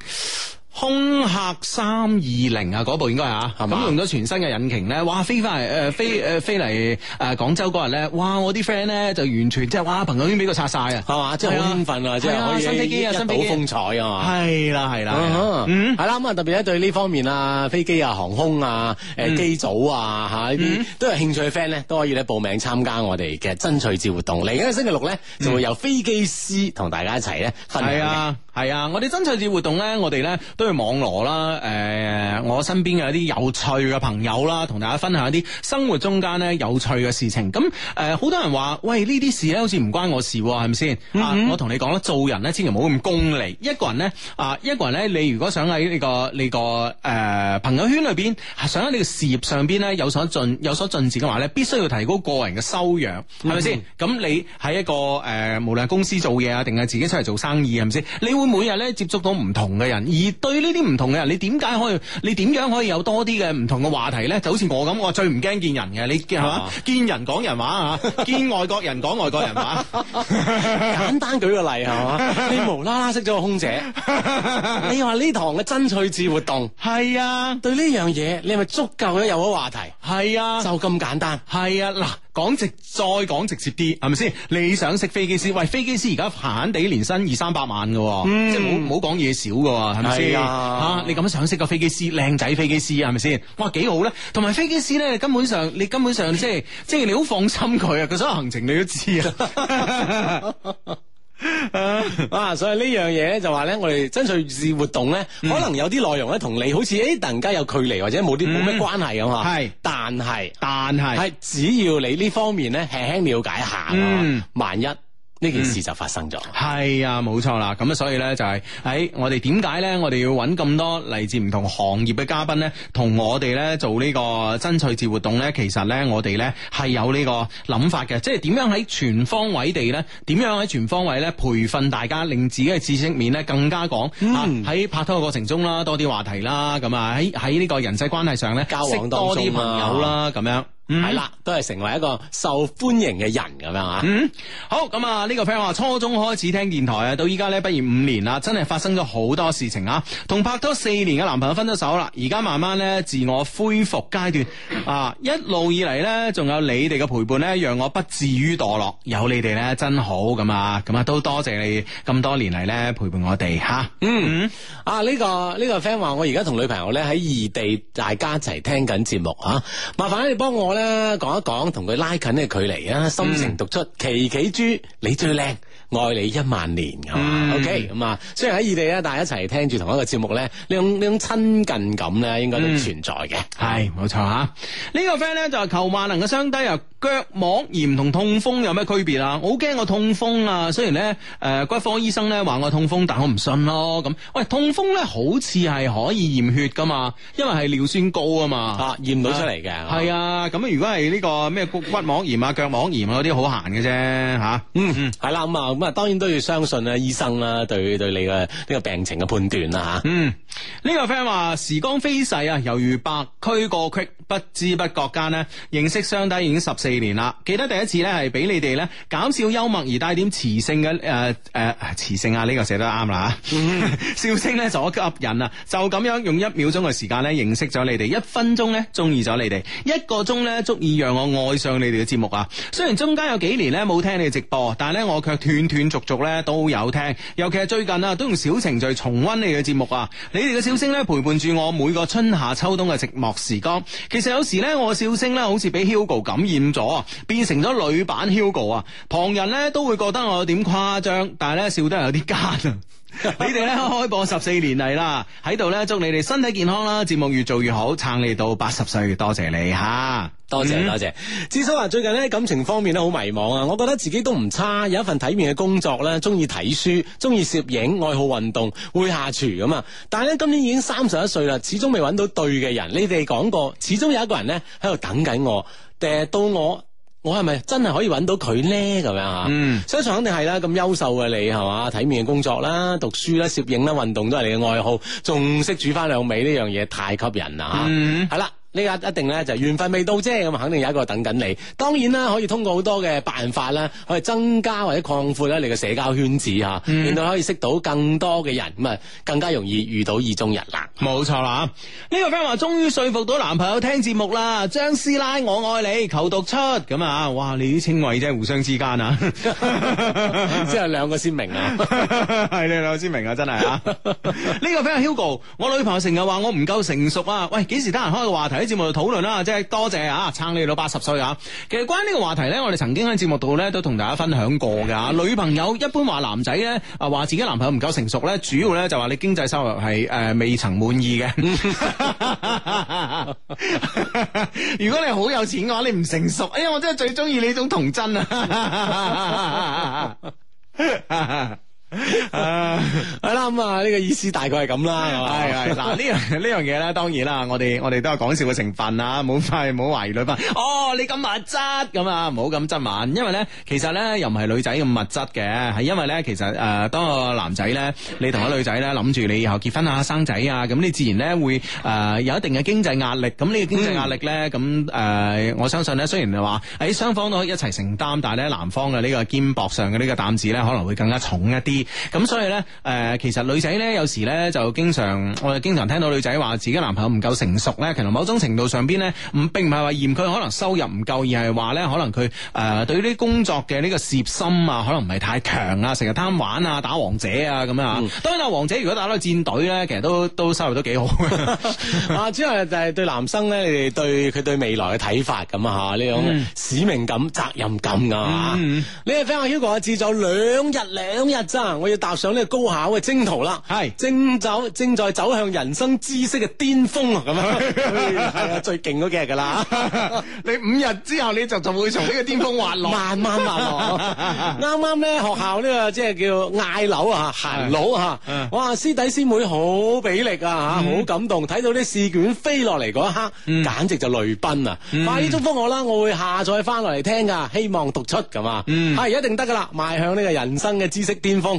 空客三二零啊，嗰部應該啊，咁用咗全新嘅引擎咧，哇飛翻嚟誒飛誒飛嚟誒廣州嗰日咧，哇我啲 friend 咧就完全即係哇朋友圈俾佢拆晒啊，係嘛，即係好興奮啊，即係可以新飛機啊好風采啊嘛，係啦係啦，嗯係啦，咁啊特別對呢方面啊飛機啊航空啊誒機組啊吓呢啲都有興趣嘅 friend 咧，都可以咧報名參加我哋嘅爭取志活動。嚟緊星期六咧就會由飛機師同大家一齊咧分享。係啊係啊，我哋爭取志活動咧，我哋咧網絡啦，誒、呃，我身邊嘅一啲有趣嘅朋友啦，同大家分享一啲生活中間咧有趣嘅事情。咁誒，好、呃、多人話，喂，呢啲事咧好似唔關我事，係咪先？嗯、哼啊，我同你講啦，做人咧，千祈唔好咁功利。一個人咧，啊，一個人咧，你如果想喺呢、這個呢、這個誒、呃、朋友圈裏邊，想喺你個事業上邊咧有所進有所進展嘅話咧，必須要提高個人嘅修養，係咪先？咁、嗯、哼你喺一個誒、呃，無論係公司做嘢啊，定係自己出嚟做生意，係咪先？你會每日咧接觸到唔同嘅人，而對呢啲唔同嘅人，你點解可以？你點樣可以有多啲嘅唔同嘅話題咧？就好似我咁，我最唔驚見人嘅，你係嘛？見人講人話啊， 見外國人講外國人話， 簡單舉個例係嘛？你無啦啦識咗個空姐， 你話呢堂嘅真趣智活動係 啊？對呢樣嘢你咪足夠咗有個話題係 啊？就咁簡單係 啊嗱。講直再講直接啲，係咪先？你想識飛機師？喂，飛機師而家閒閒地年薪二三百萬嘅，嗯、即係唔好講嘢少嘅，係咪先？嚇、哎呀啊！你咁樣想識個飛機師，靚仔飛機師係咪先？哇，幾好咧！同埋飛機師咧，根本上你根本上即係即係你好放心佢啊，佢所有行程你都知啊。 啊、 uh,，所以呢樣嘢就話咧，我哋爭取事活動咧，可能有啲內容咧同你好似誒突然間有距離或者冇啲冇咩關係咁啊，係，但係但係係只要你呢方面咧輕輕了解下咯，嗯、萬一。呢件事就發生咗，係、嗯、啊，冇錯啦。咁啊，所以呢，就係、是、喺、哎、我哋點解呢？我哋要揾咁多嚟自唔同行業嘅嘉賓呢，同我哋呢做呢個爭取節活動呢。其實呢，我哋呢係有呢個諗法嘅，即係點樣喺全方位地呢？點樣喺全方位呢？培訓大家，令自己嘅知識面呢更加廣。喺、嗯啊、拍拖嘅過程中啦，多啲話題啦，咁啊喺喺呢個人際關係上咧，交啊、識多啲朋友啦，咁樣。係啦，都係、mm hmm. 成為一個受歡迎嘅人咁樣啊！嗯、mm，hmm. 好，咁啊，呢個 friend 話初中開始聽電台啊，到依家咧，畢業五年啦，真係發生咗好多事情啊！同拍拖四年嘅男朋友分咗手啦，而家慢慢咧自我恢復階段啊！一路以嚟咧，仲有你哋嘅陪伴咧，讓我不至於墮落，有你哋咧真好咁啊！咁啊，都多謝你咁多年嚟，咧陪伴我哋吓。嗯啊、呢、mm hmm. 啊，這個呢，這個 friend 話我而家同女朋友咧喺異地，大家一齊聽緊節目吓，啊、麻煩你幫我咧。講一講，同佢拉近嘅距離啊！心情讀出，琪琪豬你最靚。嗯愛你一萬年咁、嗯、，OK，咁啊，雖然喺異地咧，但係一齊聽住同一個節目咧，呢種呢種親近感咧，應該都存在嘅，係冇錯吓。呢、這個 friend 咧就係求萬能嘅雙低啊，腳膜炎同痛風有咩區別啊？我好驚我痛風啊，雖然咧誒骨科醫生咧話我痛風，但我唔信咯。咁喂，痛風咧好似係可以驗血噶嘛，因為係尿酸高啊嘛，啊驗到出嚟嘅，係啊。咁如果係呢個咩骨膜炎啊、腳膜炎啊嗰啲，好閒嘅啫吓。嗯，係啦、這個，咁啊。嗯嗯咁啊，當然都要相信咧，醫生啦、啊，對對你嘅呢、這個病情嘅判斷啦嚇。嗯，呢、這個 friend 話：時光飛逝啊，猶如白駒過隙，不知不覺間咧，認識相低已經十四年啦。記得第一次呢，係俾你哋呢搞笑幽默而帶點磁性嘅誒誒磁性啊，呢、這個寫得啱啦、嗯、笑聲呢，就好吸引啊，就咁樣用一秒鐘嘅時間咧認識咗你哋，一分鐘呢，中意咗你哋，一個鐘呢，足以讓我愛上你哋嘅節目啊！雖然中間有幾年呢冇聽你哋直播，但係呢，我卻斷。斷續續咧都有聽，尤其係最近啊，都用小程序重温你嘅節目啊。你哋嘅笑聲咧陪伴住我每個春夏秋冬嘅寂寞時光。其實有時咧，我嘅笑聲咧好似俾 Hugo 感染咗啊，變成咗女版 Hugo 啊。旁人咧都會覺得我有點誇張，但係咧笑得有啲奸啊。 你哋咧開播十四年嚟啦，喺度咧祝你哋身體健康啦，節目越做越好，撐你到八十歲，多謝你吓，多謝、嗯、多謝。紫蘇話最近咧感情方面咧好迷茫啊，我覺得自己都唔差，有一份體面嘅工作咧，中意睇書，中意攝影，愛好運動，會下廚咁啊。但係咧今年已經三十一歲啦，始終未搵到對嘅人。你哋講過，始終有一個人咧喺度等緊我，誒到我。我係咪真係可以揾到佢咧？咁樣吓，嗯，相信肯定係啦。咁優秀嘅你，係嘛？體面嘅工作啦，讀書啦，攝影啦，運動都係你嘅愛好，仲識煮翻兩味呢樣嘢，太吸引啦吓。係啦。嗯呢一一定咧就緣分未到啫，咁肯定有一個等緊你。當然啦，可以通過好多嘅辦法啦，去增加或者擴闊咧你嘅社交圈子吓，嗯、令到可以識到更多嘅人，咁啊更加容易遇到意中人啦。冇錯啦，呢個 friend 話終於說服到男朋友聽節目啦，張師奶我愛你求讀出咁啊！哇，你啲稱謂真係互相之間啊，真係兩個先明啊，係你兩 個先明啊，真係啊。呢個 friend Hugo，我女朋友成日話我唔夠成熟啊，喂，幾時得閒開個話題？節目度討論啦，即係多謝啊，撐你到八十歲！啊其實關於呢個話題咧，我哋曾經喺節目度咧都同大家分享過嘅。女朋友一般話男仔咧，啊話自己男朋友唔夠成熟咧，主要咧就話你經濟收入係誒、呃、未曾滿意嘅。 如果你好有錢嘅話，你唔成熟，哎呀，我真係最中意呢種童真啊！ 係啦，咁啊，呢個意思大概係咁啦，係嗱，呢樣呢樣嘢咧，當然啦，我哋我哋都有講笑嘅成分啊，唔好太唔好懷疑女翻。哦，你咁物質咁啊，唔好咁質問。因為咧，其實咧又唔係女仔咁物質嘅，係因為咧，其實誒，當個男仔咧，你同個女仔咧諗住你以後結婚啊、生仔啊，咁你自然咧會誒有一定嘅經濟壓力。咁呢個經濟壓力咧，咁誒，我相信咧，雖然話喺雙方都可以一齊承擔，但係咧，男方嘅呢個肩膊上嘅呢個擔子咧，可能會更加重一啲。咁、嗯、所以咧，誒、呃，其實女仔咧有時咧就經常，我哋經常聽到女仔話自己男朋友唔夠成熟咧。其實某種程度上邊咧，唔並唔係話嫌佢可能收入唔夠，而係話咧可能佢誒對於呢啲工作嘅呢個涉心啊，可能唔係、呃、太強啊，成日貪玩啊，打王者啊咁啊。當然啦，嗯、王者如果打到戰隊咧，其實都都收入都幾好。 啊，主要就係對男生咧，你哋對佢對未來嘅睇法咁啊，呢種、嗯、使命感、責任感噶、嗯、你哋 friend 阿 h u 兩日兩日咋。我要踏上呢個高考嘅征途啦，係正走正在走向人生知識嘅巔峰啊！咁啊，係 啊，最勁嗰幾日噶啦， 你五日之後你就就會從呢個巔峰滑落，慢慢滑落。啱啱咧學校呢、這個即係叫嗌樓啊，行樓啊，哇！師弟師妹好俾力啊，吓好、嗯、感動，睇到啲試卷飛落嚟嗰一刻，嗯、簡直就淚奔啊！嗯、快啲祝福我啦，我會下載翻落嚟聽噶，希望讀出咁啊，係、嗯嗯、一定得噶啦，邁向呢個人生嘅知、嗯、知識巔峰。大學堅，是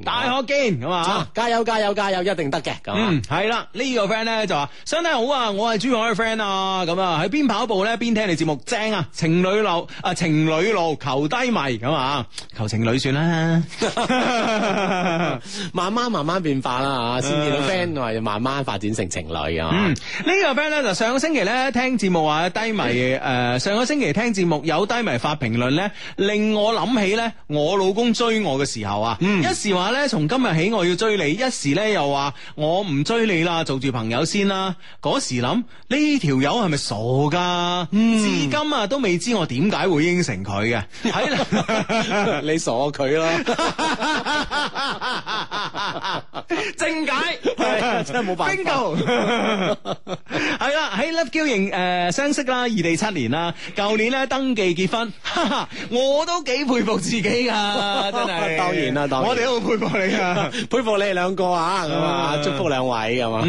我大學堅咁啊！加油加油加油，一定得嘅咁。嗯，係啦，這個、呢個 friend 咧就話相體好啊，我係珠海嘅 friend 啊，咁啊，喺邊跑步咧邊聽你節目，正啊！情侶路啊，呃，情侶路求低迷咁啊，求情侶算啦。 慢慢慢慢變化啦吓，先見到 friend 話要慢慢發展成情侶啊。嗯，這個、呢個 friend 咧就上個星期咧聽節目話低迷誒，呃，上個星期聽節目有低迷發評論咧，令我諗起咧我老公追我嘅時頭啊！一時話咧，從今日起我要追你；一時咧又話我唔追你啦，做住朋友先啦。時諗呢條友係咪傻噶？至今啊都未知我點解會應承佢嘅。係啦，你傻佢啦？正解真係冇辦法。係啦，喺 Love k i 認誒相識啦，異地七年啦，舊年咧登記結婚。哈哈，我都幾佩服自己噶，真係。我哋都好佩服你啊，佩服 你哋兩個啊，咁啊，祝福兩位，咁啊。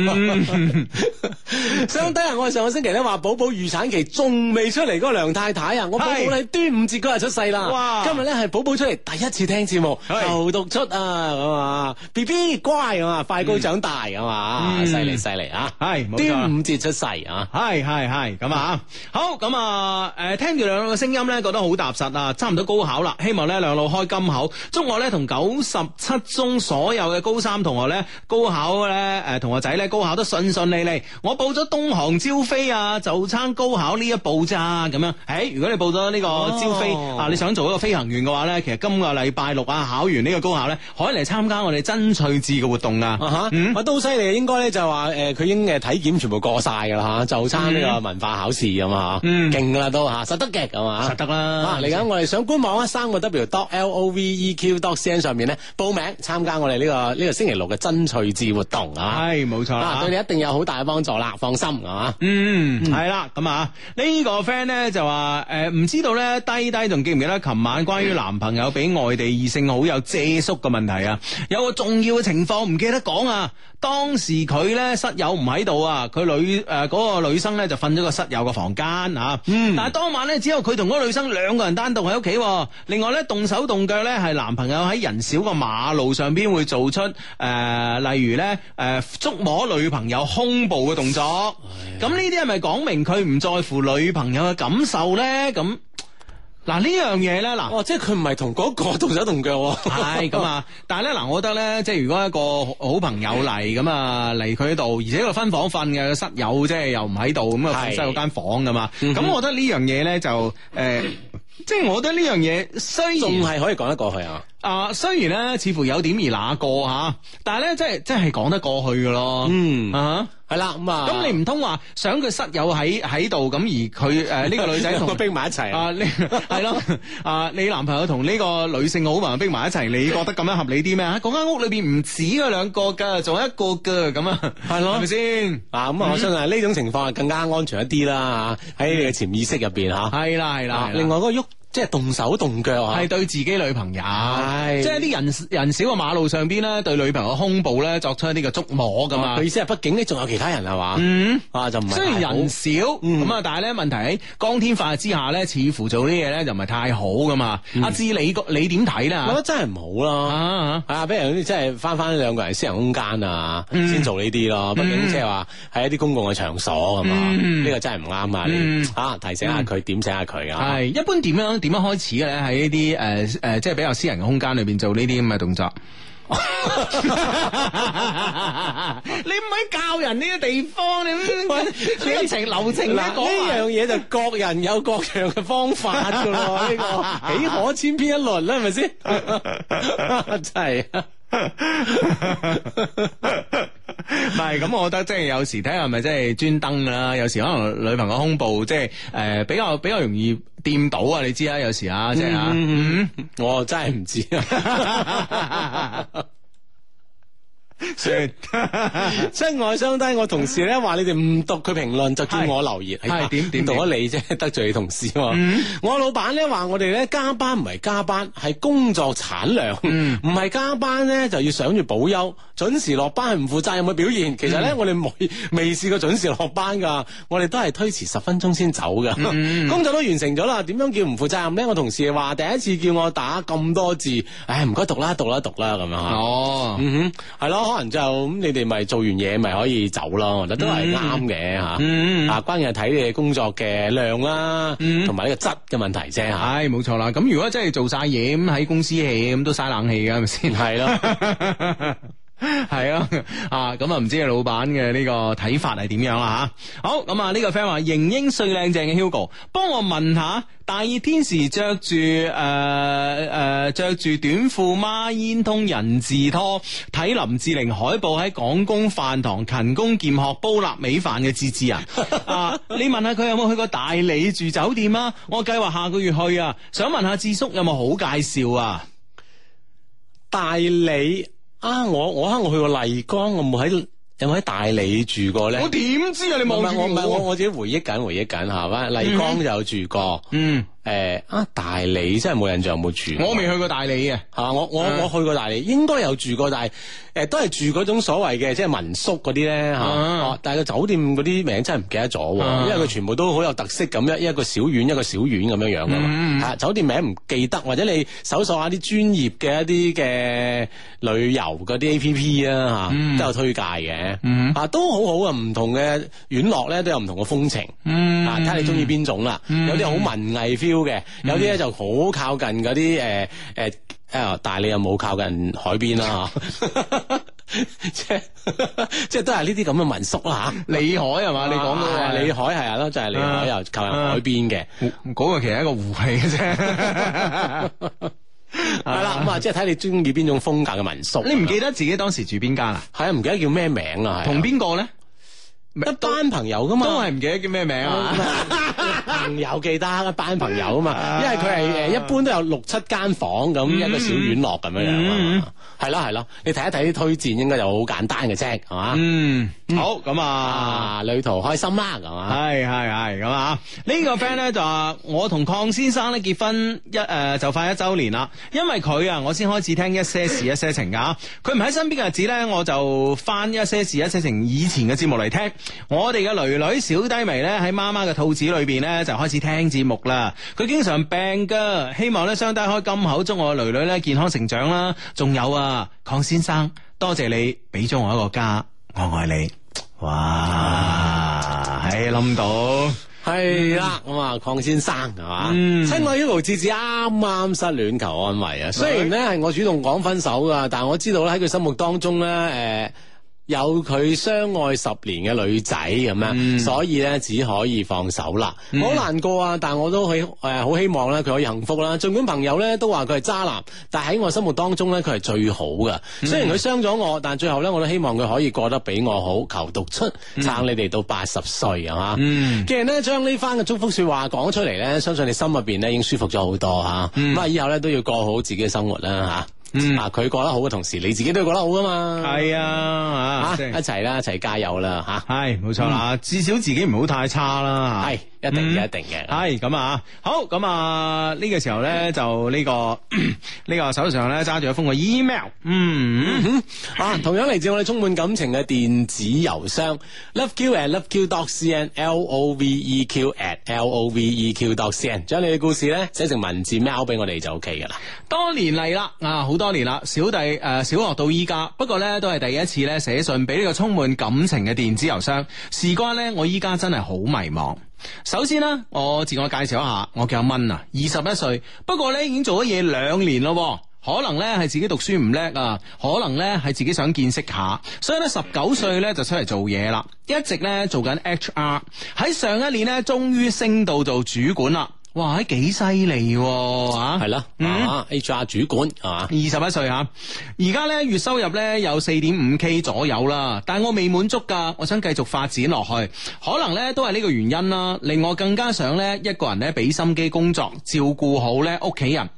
相抵啊，我哋上個星期咧話寶寶預產期仲未出嚟，嗰個梁太太啊，我寶寶你端午節嗰日出世啦。哇！今日咧係寶寶出嚟第一次聽節目，頭、嗯、讀出啊，咁啊，B B 乖啊，快高長大，咁、嗯、嘛，犀利犀利啊，係、嗯，冇錯，端午節出世啊，係係係，咁啊，好，咁啊，誒，聽住兩個嘅聲音咧，覺得好踏實啊，差唔多高考啦，希望咧兩路開金口，祝我咧。同九十七中所有嘅高三同學咧，高考咧，誒，同學仔咧，高考都順順利利。我報咗東航招飛啊，就差高考呢一步咋咁樣。誒、欸，如果你報咗呢個招飛、哦、啊，你想做一個飛行員嘅話咧，其實今個禮拜六啊，考完呢個高考咧，可以嚟參加我哋爭取志嘅活動啊。吓、嗯啊，都好犀利嘅。應該咧就話誒，佢已經嘅體檢全部過晒噶啦吓，就差呢個文化考試、嗯、啊嘛，勁啦都吓、啊，實得嘅咁啊，得啦。嚟緊我哋上官網啊，三個 w dot l o v e q dot 上面咧，報名參加我哋呢、這個呢、這個星期六嘅真取志活動啊，係冇錯，對你一定有好大嘅幫助啦，放心啊，嗯，係啦，咁啊呢個 friend 咧，就話，誒，唔知道咧低低仲記唔記得琴晚關於男朋友俾外地異性好友借宿嘅問題啊，有個重要嘅情況唔記得講啊。當時佢呢室友唔喺度啊，佢女誒嗰、呃嗰個女生呢就瞓咗個室友個房間啊，嗯、但係當晚呢，只有佢同嗰個女生兩個人單獨喺屋企，另外呢，動手動腳呢係男朋友喺人少個馬路上邊會做出誒、呃，例如呢「誒、呃、觸摸女朋友胸部嘅動作，咁呢啲係咪講明佢唔在乎女朋友嘅感受呢？咁？嗱呢、哦、樣嘢咧，嗱，即係佢唔係同嗰個動手動腳喎。係咁啊，但係咧嗱，我覺得咧，即係如果一個好朋友嚟咁是啊嚟佢度，而且個分房瞓嘅室友即係又唔喺度，咁是啊分曬嗰間房噶嘛。咁、嗯、哼我覺得呢樣嘢咧就誒，呃、 即係我覺得呢樣嘢雖然仲係可以講得過去啊。啊，雖然咧似乎有點而難過吓，但係咧即係即係講得過去噶咯。嗯啊，係啦咁啊。咁你唔通話想佢室友喺喺度，咁而佢誒呢個女仔同佢逼埋一齊啊？你係咯啊？你男朋友同呢個女性好朋友逼埋一齊，你覺得咁樣合理啲咩？啊，嗰間屋裏邊唔止嗰兩個噶，仲有一個噶咁啊。係咯，係咪先啊？咁啊，我相信呢種情況係更加安全一啲啦。喺你嘅潛意識入邊吓，係啦係啦。另外嗰個喐。即係動手動腳，係對自己女朋友，即係啲人人少嘅馬路上邊呢，對女朋友胸部咧作出呢個觸摸噶嘛。佢意思係，畢竟你仲有其他人係嘛，啊就唔。雖然人少咁啊，但係咧問題喺光天化日之下咧，似乎做呢嘢，咧就唔係太好噶嘛。阿志，你個你點睇咧？我覺得真係唔好咯，係啊，比如即係翻翻兩個人私人空間啊，先做呢啲咯。畢竟即係話喺一啲公共嘅場所咁嘛，呢個真係唔啱啊！啊，提醒下佢，點醒下佢啊！係一般點樣？點樣開始嘅咧？喺呢啲誒誒，即係比較私人嘅空間裏邊做呢啲咁嘅動作。啊、 你唔可以教人呢啲地方，你流 你程流程呢個。呢樣嘢就各人有各樣嘅方法噶咯。呢個幾可千篇一律啦，係咪先？ 真係是的笑唔係，咁我覺得即係有時睇下係咪即係專登㗎啦。有時可能女朋友胸部即係誒比較比較容易掂到啊！你知啦，有時啊即係啊，嗯，我真係唔知啊。真真外傷低，我同事咧話你哋唔讀佢評論就叫我留言，係點點讀咗你啫？得罪你同事。我老闆咧話我哋咧加班唔係加班，係工作產量，唔係加班咧就要想住保休，準時落班係唔負責任嘅表現。其實咧我哋未未試過準時落班噶，我哋都係推遲十分鐘先走噶。工作都完成咗啦，點樣叫唔負責任咧？我同事話第一次叫我打咁多字，唉唔該讀啦，讀啦，讀啦咁樣。哦，係咯，可能。就咁，你哋咪做完嘢咪可以走咯，我覺得都係啱嘅，吓。嗯、啊，嗯、關鍵係睇你哋工作嘅量啦，同埋呢個質嘅問題啫。係，冇錯啦。咁如果真係做晒嘢，咁喺公司 hea，咁都嘥冷氣噶，係咪先？係咯。係 啊，嗯、啊咁啊，唔知你老闆嘅呢個睇法係點樣啦吓？好，咁啊呢個 friend 話，型英最靚正嘅 Hugo，幫我問下大熱天時着住誒誒着住短褲孖煙通人字拖睇林志玲海報喺港工飯堂勤工儉學煲臘味飯嘅志志啊！啊，你問下佢有冇去過大理住酒店啊？我計劃下個月去啊，想問下智叔有冇好介紹啊？大理。啊！我我哈我去過麗江，我冇喺有冇喺大理住過咧？我點知啊？你望住我唔係我我自己回憶緊回憶緊吓嘛？麗江、嗯、有住過嗯。誒啊！大理真係冇印象冇住，我未去過大理啊，吓、啊、我我我，我去過大理，應該有住過，但係誒都係住種所謂嘅即係民宿啲咧嚇，但係個酒店啲名真係唔記得咗，啊、因為佢全部都好有特色咁樣一個小院一個小院咁樣樣嘛，嚇、嗯啊、酒店名唔記得，或者你搜索下啲專業嘅一啲嘅旅遊啲 A P P 啊吓、嗯、都有推介嘅，嗯、啊都好好啊，唔同嘅院落咧都有唔同嘅風情，啊睇下你中意邊種啦，有啲好文藝 feel。嘅、嗯、有啲咧就好靠近嗰啲誒誒，但係你又冇靠近海邊啦、啊， 即係即係都係呢啲咁嘅民宿啦吓。李海係嘛？你講到啊，到啊李海係啊，就係李海又靠近海邊嘅。嗰、啊那個其實係一個湖氣嘅啫。係啦，咁啊，即係睇你中意邊種風格嘅民宿。你唔記得自己當時住邊間啦？係啊，唔記得叫咩名啦。同邊個咧？一班朋友噶嘛，都係唔記得叫咩名啊？ 朋友記得一班朋友啊嘛， 因為佢係誒一般都有六七間房咁一個小院落咁樣樣啊，係咯係咯，你睇一睇啲推薦應該就好簡單嘅啫，係嘛？嗯，好咁啊，旅途開心啦，係嘛？係係係咁啊！啊 個呢個 friend 咧就話、是、我同鄺先生咧結婚一誒、呃、就快一周年啦，因為佢啊我先開始聽一些事一些情㗎，佢唔喺身邊嘅日子咧，我就翻一些事一些情以前嘅節目嚟聽。我哋嘅女女小低微咧，喺媽媽嘅肚子裏邊咧就開始聽節目啦。佢經常病噶，希望咧雙低開金口，祝我女女咧健康成長啦。仲有啊，鄺先生，多謝你俾咗我一個家，我愛你。哇，誒諗到係啦，咁啊鄺先生係嘛？嗯，親愛悠悠智子啱啱失戀求安慰啊，雖然咧係我主動講分手噶，但係我知道咧喺佢心目當中咧誒。呃有佢相愛十年嘅女仔咁樣，嗯、所以咧只可以放手啦，好、嗯、難過啊！但係我都好誒好希望咧佢可以幸福啦。盡管朋友咧都話佢係渣男，但係喺我心目當中咧佢係最好噶。嗯、雖然佢傷咗我，但最後咧我都希望佢可以過得比我好。求讀出撐你哋到八十歲啊！吓、嗯，既然呢，將呢番嘅祝福說話講出嚟咧，相信你心入邊咧已經舒服咗好多吓。不、啊、過、嗯、以後咧都要過好自己嘅生活啦吓。啊嗯，啊，佢過得好嘅同時，你自己都過得好噶嘛？係、哎、啊、吓、啊、係一齊啦，一齊加油啦，吓係、啊、冇錯啦，嗯、至少自己唔好太差啦，係。一定嘅，嗯、一定嘅係咁啊。好咁啊，呢、呢個時候咧就呢、呢個呢、 呢個手上咧揸住一封個 email，嗯，嗯，嗯啊，同樣嚟自我哋充滿感情嘅電子郵箱 love q at love q dot c n l o v e q at l o v e q dot c n，將你嘅故事咧寫成文字 mail 俾我哋就 ok 噶啦。多年嚟啦啊，好多年啦，小弟誒、呃，小學到依家，不過咧都係第一次咧寫信俾呢個充滿感情嘅電子郵箱。事關咧，我依家真係好迷茫。首先呢，我自我介紹一下，我叫阿蚊啊，二十一歲，不過呢，已經做咗嘢兩年咯，可能呢，係自己讀書唔叻啊，可能呢，係自己想見識下，所以呢，十九歲呢，就出嚟做嘢啦，一直呢，做緊 HR，喺上一年呢，終於升到做主管啦。哇！係幾犀利喎吓，係啦，吓 HR 主管係二十一歲吓，而家呢月收入呢有四點五 K 左右啦，但係我未滿足噶，我想繼續發展落去，可能呢都係呢個原因啦，令我更加想呢一個人呢俾心機工作，照顧好呢屋企人，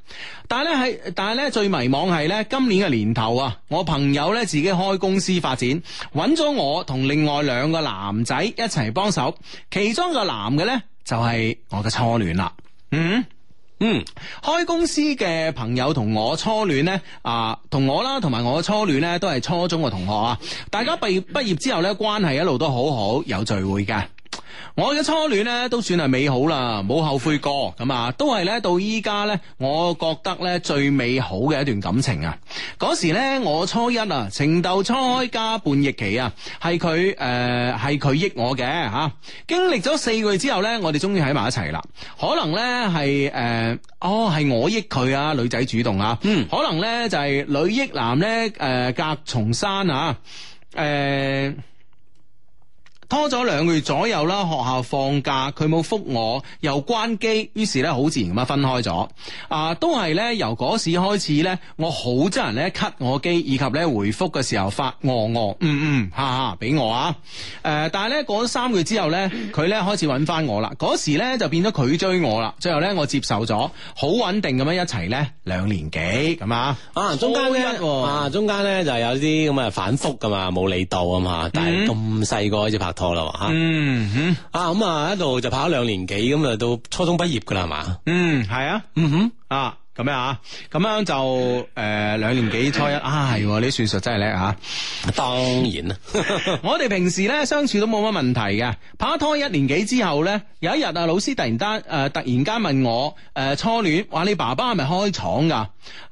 但係呢，係，但係呢最迷茫係呢今年嘅年頭啊，我朋友呢自己開公司發展，揾咗我同另外兩個男仔一齊幫手，其中一個男嘅呢就係、是、我嘅初戀啦。嗯嗯，嗯開公司嘅朋友同我初戀咧啊，同我啦，同埋我初戀咧都係初中嘅同學啊！大家畢業畢業之後咧，關係一路都好好，有聚會噶。我嘅初戀咧都算係美好啦，冇後悔過咁啊，都係咧到依家咧，我覺得咧最美好嘅一段感情啊！嗰時咧我初一啊，情竇初開加叛逆期啊，係佢誒係佢益我嘅吓、啊，經歷咗四個月之後咧，我哋終於喺埋一齊啦。可能咧係誒，哦係我益佢啊，女仔主動啊，嗯，可能咧就係、是、女益男咧誒、呃、隔重山啊，誒、呃。拖咗兩個月左右啦，學校放假，佢冇覆我，又關機，於是咧好自然咁樣分開咗。啊、呃，都係咧由嗰時開始咧，我好憎人咧 cut 我機，以及咧回覆嘅時候發餓、呃、餓、呃，嗯嗯，哈哈，俾我啊。誒、呃，但係咧過咗三個月之後咧，佢咧開始揾翻我啦。嗰時咧就變咗佢追我啦。最後咧我接受咗，好穩定咁樣一齊咧兩年幾咁的樣啊。啊，中間咧啊，中間咧、啊、就有啲咁啊反覆噶嘛，冇理到啊嘛。但係咁細個開始拍。啊嗯錯啦吓，嗯哼，啊咁啊一度就拍咗兩年幾，咁啊到初中畢業噶係嘛？嗯係啊，嗯哼，啊咁樣啊，咁樣就誒兩、呃、年幾初一，啊係，呢、啊、算術真係叻啊，當然啦，呵呵 我哋平時咧相處都冇乜問題嘅，拍拖一年幾之後咧，有一日啊老師突然間誒、呃、突然間問我誒、呃、初戀，話你爸爸係咪開廠噶？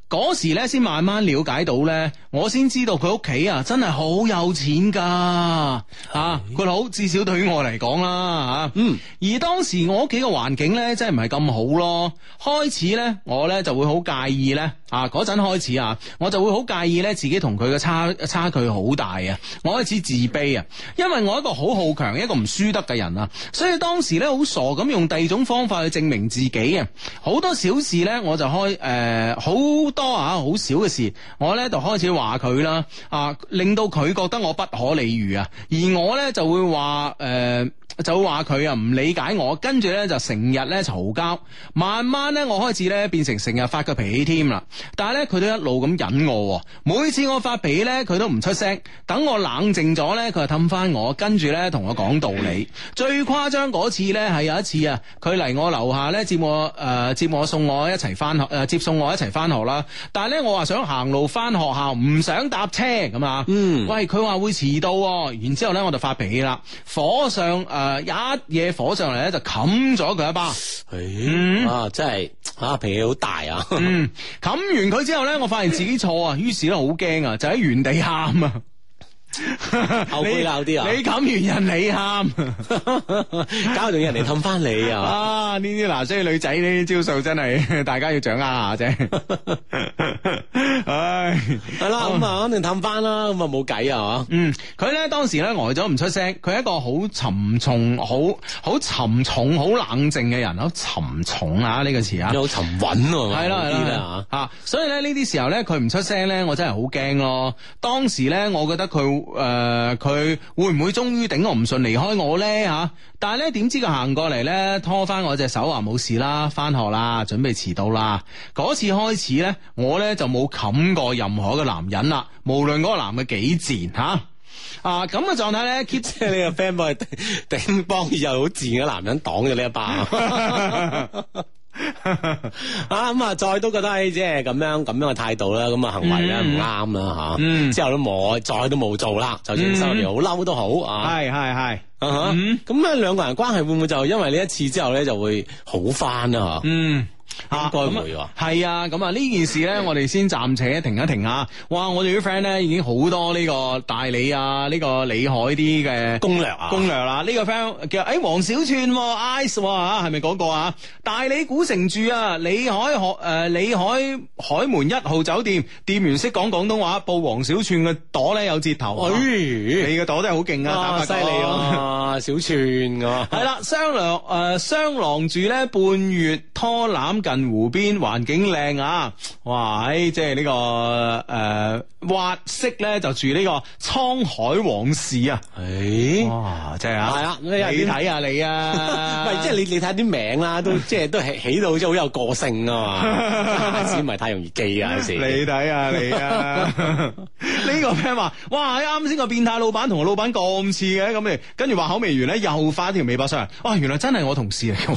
嗰時呢，先慢慢了解到呢，我先知道佢屋企啊，真係好有錢噶，吓佢好，至少對於我嚟講啦，吓，啊，嗯，而當時我屋企嘅環境呢，真係唔係咁好咯。開始呢，我呢就會好介意呢。啊，嗰陣開始啊，我就會好介意呢，自己同佢嘅差差距好大啊，我開始自卑啊，因為我一個好好強，一個唔輸得嘅人啊，所以當時呢，好傻咁用第二種方法去證明自己啊，好多小事呢，我就開誒好。呃多啊，好少嘅事，我咧就開始話佢啦，啊，令到佢覺得我不可理喻啊，而我咧就會話誒。呃就話佢啊唔理解我，跟住呢就成日呢嘈交，慢慢呢我開始呢變成成日發個脾氣添啦。但係呢，佢都一路咁忍我，每次我發脾呢，佢都唔出聲，等我冷靜咗呢，佢就氹翻我，跟住呢同我講道理。 最誇張嗰次呢係有一次啊，佢嚟我樓下呢接我，誒、呃、接我送我一齊翻學，誒、呃、接送我一齊翻學啦。但係呢，我話想行路翻學校，唔想搭車咁啊。嗯，喂，佢話會遲到，然之後呢，我就發脾氣啦，火上誒。呃一夜火上嚟咧，就冚咗佢一巴，巴、哎嗯。啊，真係啊，脾氣好大啊！冚完佢之後咧，我發現自己錯啊，於是咧好驚啊，就喺原地喊啊！後悔鬧啲 你啊！你敢完人，你喊，搞到人哋氹翻你啊！ 啊，呢啲嗱，所以女仔呢啲招數真係，大家要掌握下啫。 唉，係啦，咁啊，肯定氹翻啦，咁啊冇計啊，嗯，佢咧、 嗯、當時咧呆咗唔出聲，佢係一個好沉重、好好沉重、好冷靜嘅人好沉重啊呢，這個詞啊，好沉穩啊。係啦係、啊、啦吓、 啊，所以咧呢啲時候咧佢唔出聲咧，我真係好驚咯。當時咧我覺得佢。誒，佢、呃、會唔會終於頂我唔順離開我咧吓、啊？但係咧，點知佢行過嚟咧，拖翻我隻手話冇事啦，翻學啦，準備遲到啦。嗰次開始咧，我咧就冇冚過任何嘅男人啦，無論嗰個男嘅幾賤吓啊，咁嘅狀態咧，Kiss 呢個 friend 幫頂幫住又好賤嘅男人擋咗呢一巴。啊咁 啊，再都覺得即係咁樣咁樣嘅態度啦，咁啊行為咧唔啱啦吓。啊、嗯，之後都冇，再都冇做啦。嗯、就算收尾好嬲都好啊。係係係啊哈。咁啊，兩、嗯啊、個人關係會唔會就因為呢一次之後咧就會好翻啊？嗯。應該會喎，係啊，咁啊呢件事咧，我哋先暫且停一停啊！哇，我哋啲 friend 咧已經好多呢個大理啊，呢、這個李海啲嘅攻略啊攻略啦、啊，呢、這個 friend 叫誒、欸、黃小串、啊、ice 吓、啊，係咪講過啊？大理古城住啊，李海學誒李海海門一號酒店店員識講廣東話，報黃小串嘅朵咧有折頭，你嘅朵真係好勁啊！犀利啊，小串啊，係 啦、啊啊， 商量，誒雙廊住咧半月拖攬。近湖邊環境靚、這個呃、啊！哎、哇喺即係呢個誒，畫色咧就住呢個滄海往事啊！誒 是，哇真係啊！係啦，你睇下你啊，唔 即係你你睇下啲名啦、啊，都即係都起起到即係好有個性啊嘛！字唔係太容易記 啊，是。你睇下你啊，呢 個 friend 話，哇啱先個變態老闆同個老闆咁似嘅，咁你跟住話口未完咧，又發條微博上嚟，哇原來真係我同事嚟嘅。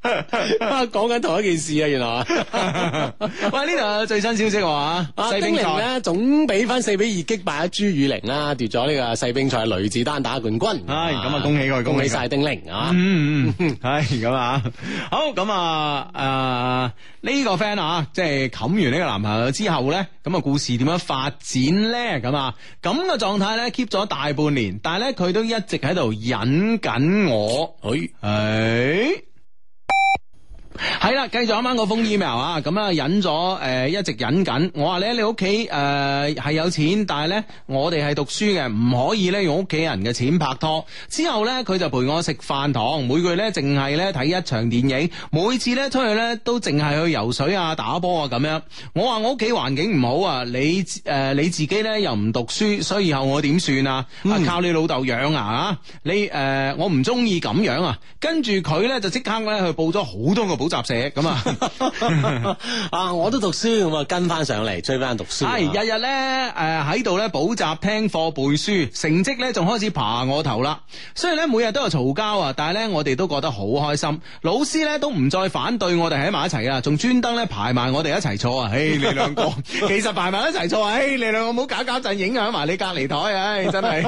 講 緊、啊、同一件事啊，原來喂呢度最新消息話啊，阿兵丁寧咧總俾翻四比二擊敗阿朱雨玲啦，奪咗呢個世乒賽女子單打冠軍。唉、哎，咁啊恭喜佢，恭喜晒丁寧啊、 嗯！嗯，唉、哎，咁啊，好咁啊，誒、呃、呢、這個 friend 啊，即係冚完呢個男朋友之後咧，咁啊故事點樣發展咧？咁啊咁嘅狀態咧 keep 咗大半年，但係咧佢都一直喺度忍緊我，誒誒。 係啦，繼、嗯、續啱啱嗰封 email 啊，咁啊忍咗，誒、呃、一直忍緊。我話咧，你屋企誒係有錢，但係咧我哋係讀書嘅，唔可以咧用屋企人嘅錢拍拖。之後咧佢就陪我食飯堂，每個月咧淨係咧睇一場電影，每次咧出去咧都淨係去游水啊、打波啊咁樣。我話我屋企環境唔好啊，你誒、呃、你自己咧又唔讀書，所以以後我點算啊？嗯、靠你老豆養啊？吓你誒、呃，我唔中意咁樣啊。跟住佢咧就即刻咧去報咗好多個保。補習社咁啊，啊！我都讀書，咁啊跟翻上嚟，追翻讀書。係日日咧誒喺度咧補習、聽課、背書，成績咧仲開始爬我頭啦。雖然咧每日都有嘈交啊，但係咧我哋都覺得好開心。老師咧都唔再反對我哋喺埋一齊啊，仲專登咧排埋我哋一齊坐啊。嘿，你兩個其實排埋一齊坐，嘿，你兩個唔好搞搞陣影響埋你隔籬台，唉，真係。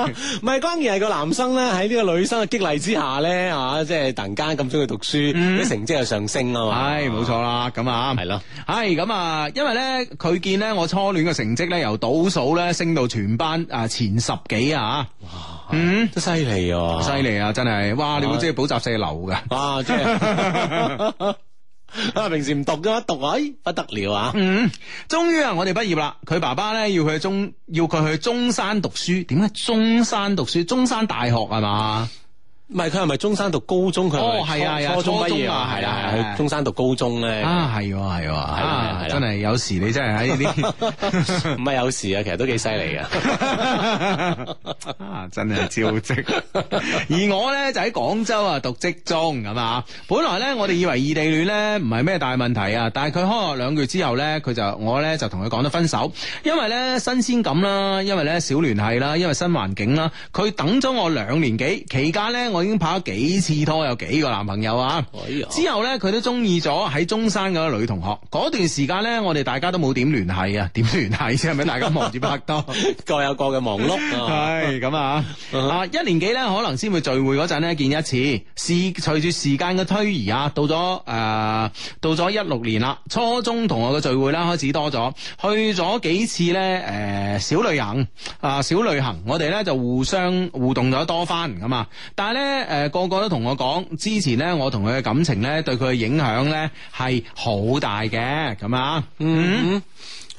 唔係，關鍵係個男生咧喺呢個女生嘅激勵之下咧啊，即係突然間咁中意讀書，啲成績又上升。係冇錯啦，咁啊係咯，係咁的啊，因為咧佢見咧我初戀嘅成績咧由倒數咧升到全班啊前十幾啊，哇嗯，都犀利哦，犀利啊，真係，哇，你冇知補習社流噶，哇，即係 平時唔讀嘅話讀啊，不得了啊，嗯，終於啊我哋畢業啦，佢爸爸咧要佢去中要佢去中山讀書，點解中山讀書？中山大學係嘛？唔係佢係咪中山讀高中？佢哦係啊，初中乜嘢啊？係啊，去中山讀高中咧。啊係喎，係喎，啊真係有時你真係喺呢啲唔係有時啊，其實都幾犀利噶。啊，真係招積。而我咧就喺廣州啊讀職中，係啊，本來咧我哋以為異地戀咧唔係咩大問題啊，但係佢開學兩個月之後咧，佢就我咧就同佢講得分手，因為咧新鮮感啦，因為咧少聯繫啦，因為新環境啦。佢等咗我兩年幾期間咧我。我已經拍咗幾次拖，有幾個男朋友啊！哎、呦之後咧，佢都中意咗喺中山嗰個女同學。段時間咧，我哋大家都冇點聯繫啊，點聯繫啫？係咪？大家忙住拍拖， 各有各嘅忙碌。係咁啊！ 啊， 啊，一年幾咧，可能先會聚會陣咧見一次。是隨住時間嘅推移啊，到咗誒、呃，到咗一六年啦，初中同學嘅聚會啦開始多咗，去咗幾次咧。誒、呃，小旅行啊，小旅行，我哋咧就互相互動咗多翻噉啊，但係咧。誒、呃，個個都同我講，之前咧，我同佢嘅感情咧，對佢嘅影響咧，係好大嘅，咁啊。嗯。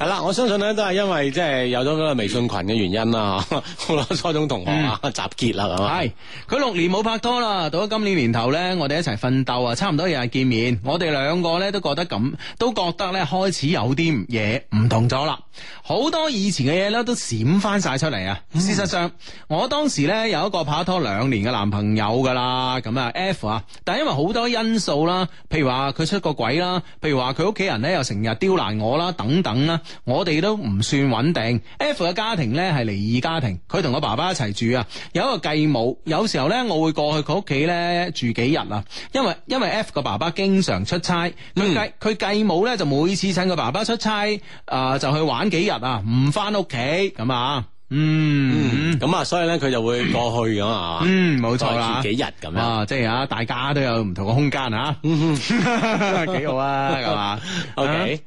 係啦，我相信咧都係因為即係、就是、有咗微信群嘅原因啦，好多初中同學啊集結啦，係佢、嗯、樣六年冇拍拖啦，到咗今年年頭咧，我哋一齊奮鬥啊，差唔多日日見面。我哋兩個咧都覺得咁，都覺得咧開始有啲嘢唔同咗啦，好多以前嘅嘢咧都閃翻晒出嚟啊！嗯、事實上，我當時咧有一個拍拖兩年嘅男朋友噶啦，咁啊 F 啊，但係因為好多因素啦，譬如話佢出過軌啦，譬如話佢屋企人咧又成日刁難我啦，等等啦。我哋都唔算穩定。F 嘅家庭咧係離異家庭，佢同個爸爸一齊住啊。有一個繼母，有時候咧我會過去佢屋企咧住幾日啊。因為因為 F 個爸爸經常出差，佢繼佢繼母咧就每次趁佢爸爸出差啊就去玩幾日啊，唔翻屋企咁啊。嗯，咁啊，所以咧佢就會過去咁啊。嗯，冇錯啦，住幾日咁樣啊，即係啊，大家都有唔同嘅空間啊，幾好啊，係嘛？OK。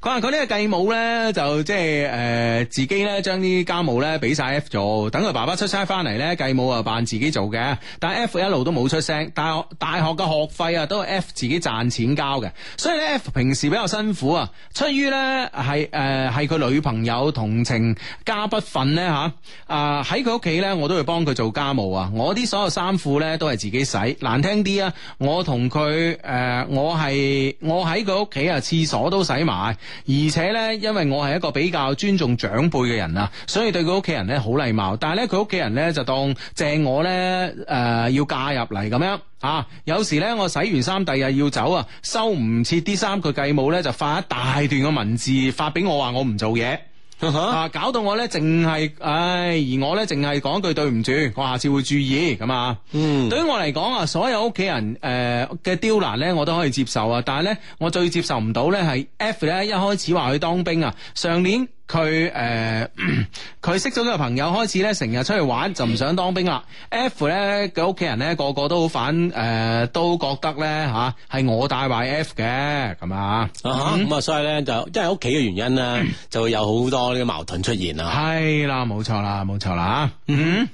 佢話佢呢個繼母呢，就即係誒、呃、自己呢，將啲家務呢俾晒 F 做，等佢爸爸出差翻嚟呢，繼母啊扮自己做嘅。但係 F 一路都冇出聲，大學大學嘅學費啊都係 F 自己賺錢交嘅，所以呢 F 平時比較辛苦啊。出於呢係誒係佢女朋友同情加不忿呢。吓啊喺佢屋企呢，我都會幫佢做家務啊，我啲所有衫褲呢，都係自己洗，難聽啲啊，我同佢誒我係我喺佢屋企啊廁所都洗埋。而且呢，因為我係一個比較尊重長輩嘅人啊，所以對佢屋企人呢好禮貌。但係呢，佢屋企人呢就當借我當正我呢誒、呃，要嫁入嚟咁樣啊。有時呢，我洗完衫第日要走啊，收唔切啲衫，佢繼母呢就發一大段嘅文字發俾我，我，話我唔做嘢。吓、uh huh. 啊、搞到我呢，淨係唉，而我呢，淨係講句對唔住，我下次會注意咁啊。嗯，對於我嚟講啊，所有屋企人誒嘅刁難呢，我都可以接受啊，但係呢，我最接受唔到呢，係 F 呢一開始話去當兵啊，上年。佢誒佢識咗個朋友，開始咧成日出去玩，就唔想當兵啦。 F 咧嘅屋企人咧個個都好反誒、呃，都覺得咧嚇係我帶壞 F 嘅咁啊咁啊，啊所以咧就因為屋企嘅原因咧， 就會有好多呢個矛盾出現啦、啊。係啦，冇錯啦，冇錯啦嚇。嗯哼。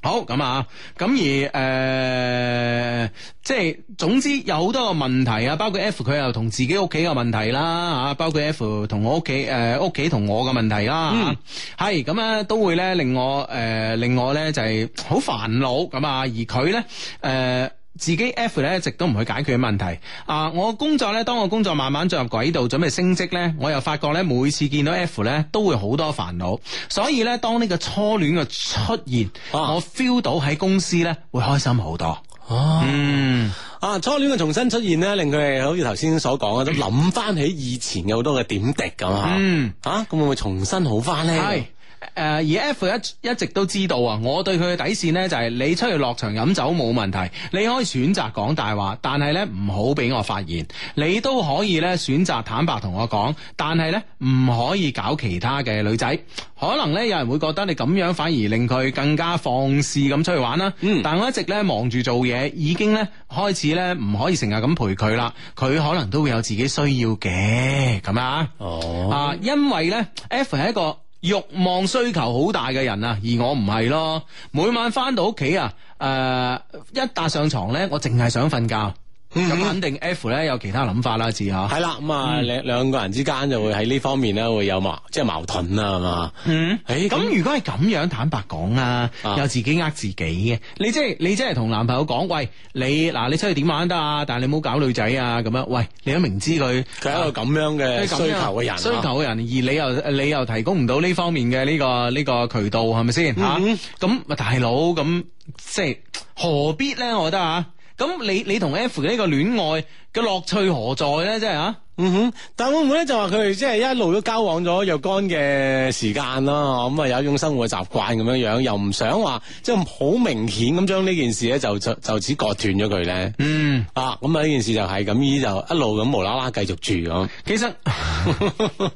好咁啊，咁而誒、呃，即係總之有好多個問題、問題啊，包括 F 佢又同自己屋企嘅問題啦，啊包括 F 同我屋企誒屋企同我嘅問題啦，係咁、嗯、啊，都會咧令我誒、呃、令我咧就係好煩惱咁啊，而佢咧誒。呃自己 F 咧，一直都唔去解決嘅問題啊！我工作咧，當我工作慢慢進入軌道，準備升職咧，我又發覺咧，每次見到 F 咧，都會好多煩惱，所以咧，當呢個初戀嘅出現，啊、我 feel 到喺公司咧會開心好多。哦，啊、嗯，啊，初戀嘅重新出現咧，令佢哋好似頭先所講啊，都諗翻起以前嘅好多嘅點滴咁、嗯、啊。嗯，吓，咁會唔會重新好翻咧？係。誒，uh, 而 F 一一直都知道啊，我對佢嘅底線呢，就係你出去落場飲酒冇問題，你可以選擇講大話，但係呢唔好俾我發現。你都可以呢選擇坦白同我講，但係呢唔可以搞其他嘅女仔。可能呢，有人會覺得你咁樣反而令佢更加放肆咁出去玩啦。嗯，但我一直呢忙住做嘢，已經呢開始呢唔可以成日咁陪佢啦。佢可能都會有自己需要嘅咁啊。哦，oh. 啊，因為呢 F 係一個。欲望需求好大嘅人啊，而我唔係咯，每晚翻到屋企啊，誒、呃，一搭上床咧，我淨係想瞓覺。咁肯定 F 咧，有其他諗法啦，自下嗬。係啦，咁啊兩兩個人之間就會喺呢方面咧會有矛，即係矛盾啦，係 嘛、嗯。 嗯。咁、欸、樣如果係咁樣坦白講啊，啊有自己呃自己嘅，你即係你即係同男朋友講，喂，你嗱你出去點玩得啊？但係你唔好搞女仔啊，咁樣。喂，你都明知佢佢係一個咁樣嘅、啊、需求嘅人、啊，需求嘅人，而你又你又提供唔到呢方面嘅呢、這個呢、這個這個這個渠道，係咪先吓？咁大佬咁即係何必咧？我覺得啊。咁你你同 F 嘅呢個戀愛嘅樂趣何在咧？即係啊，嗯哼，但會唔會咧就話佢哋即係一路都交往咗若干嘅時間啦？咁啊有一種生活習慣咁樣樣，又唔想話即係好明顯咁將呢件事咧就就就此割斷咗佢咧。嗯，啊，咁啊呢件事就係咁，依就一路咁無啦啦繼續住咁。其實。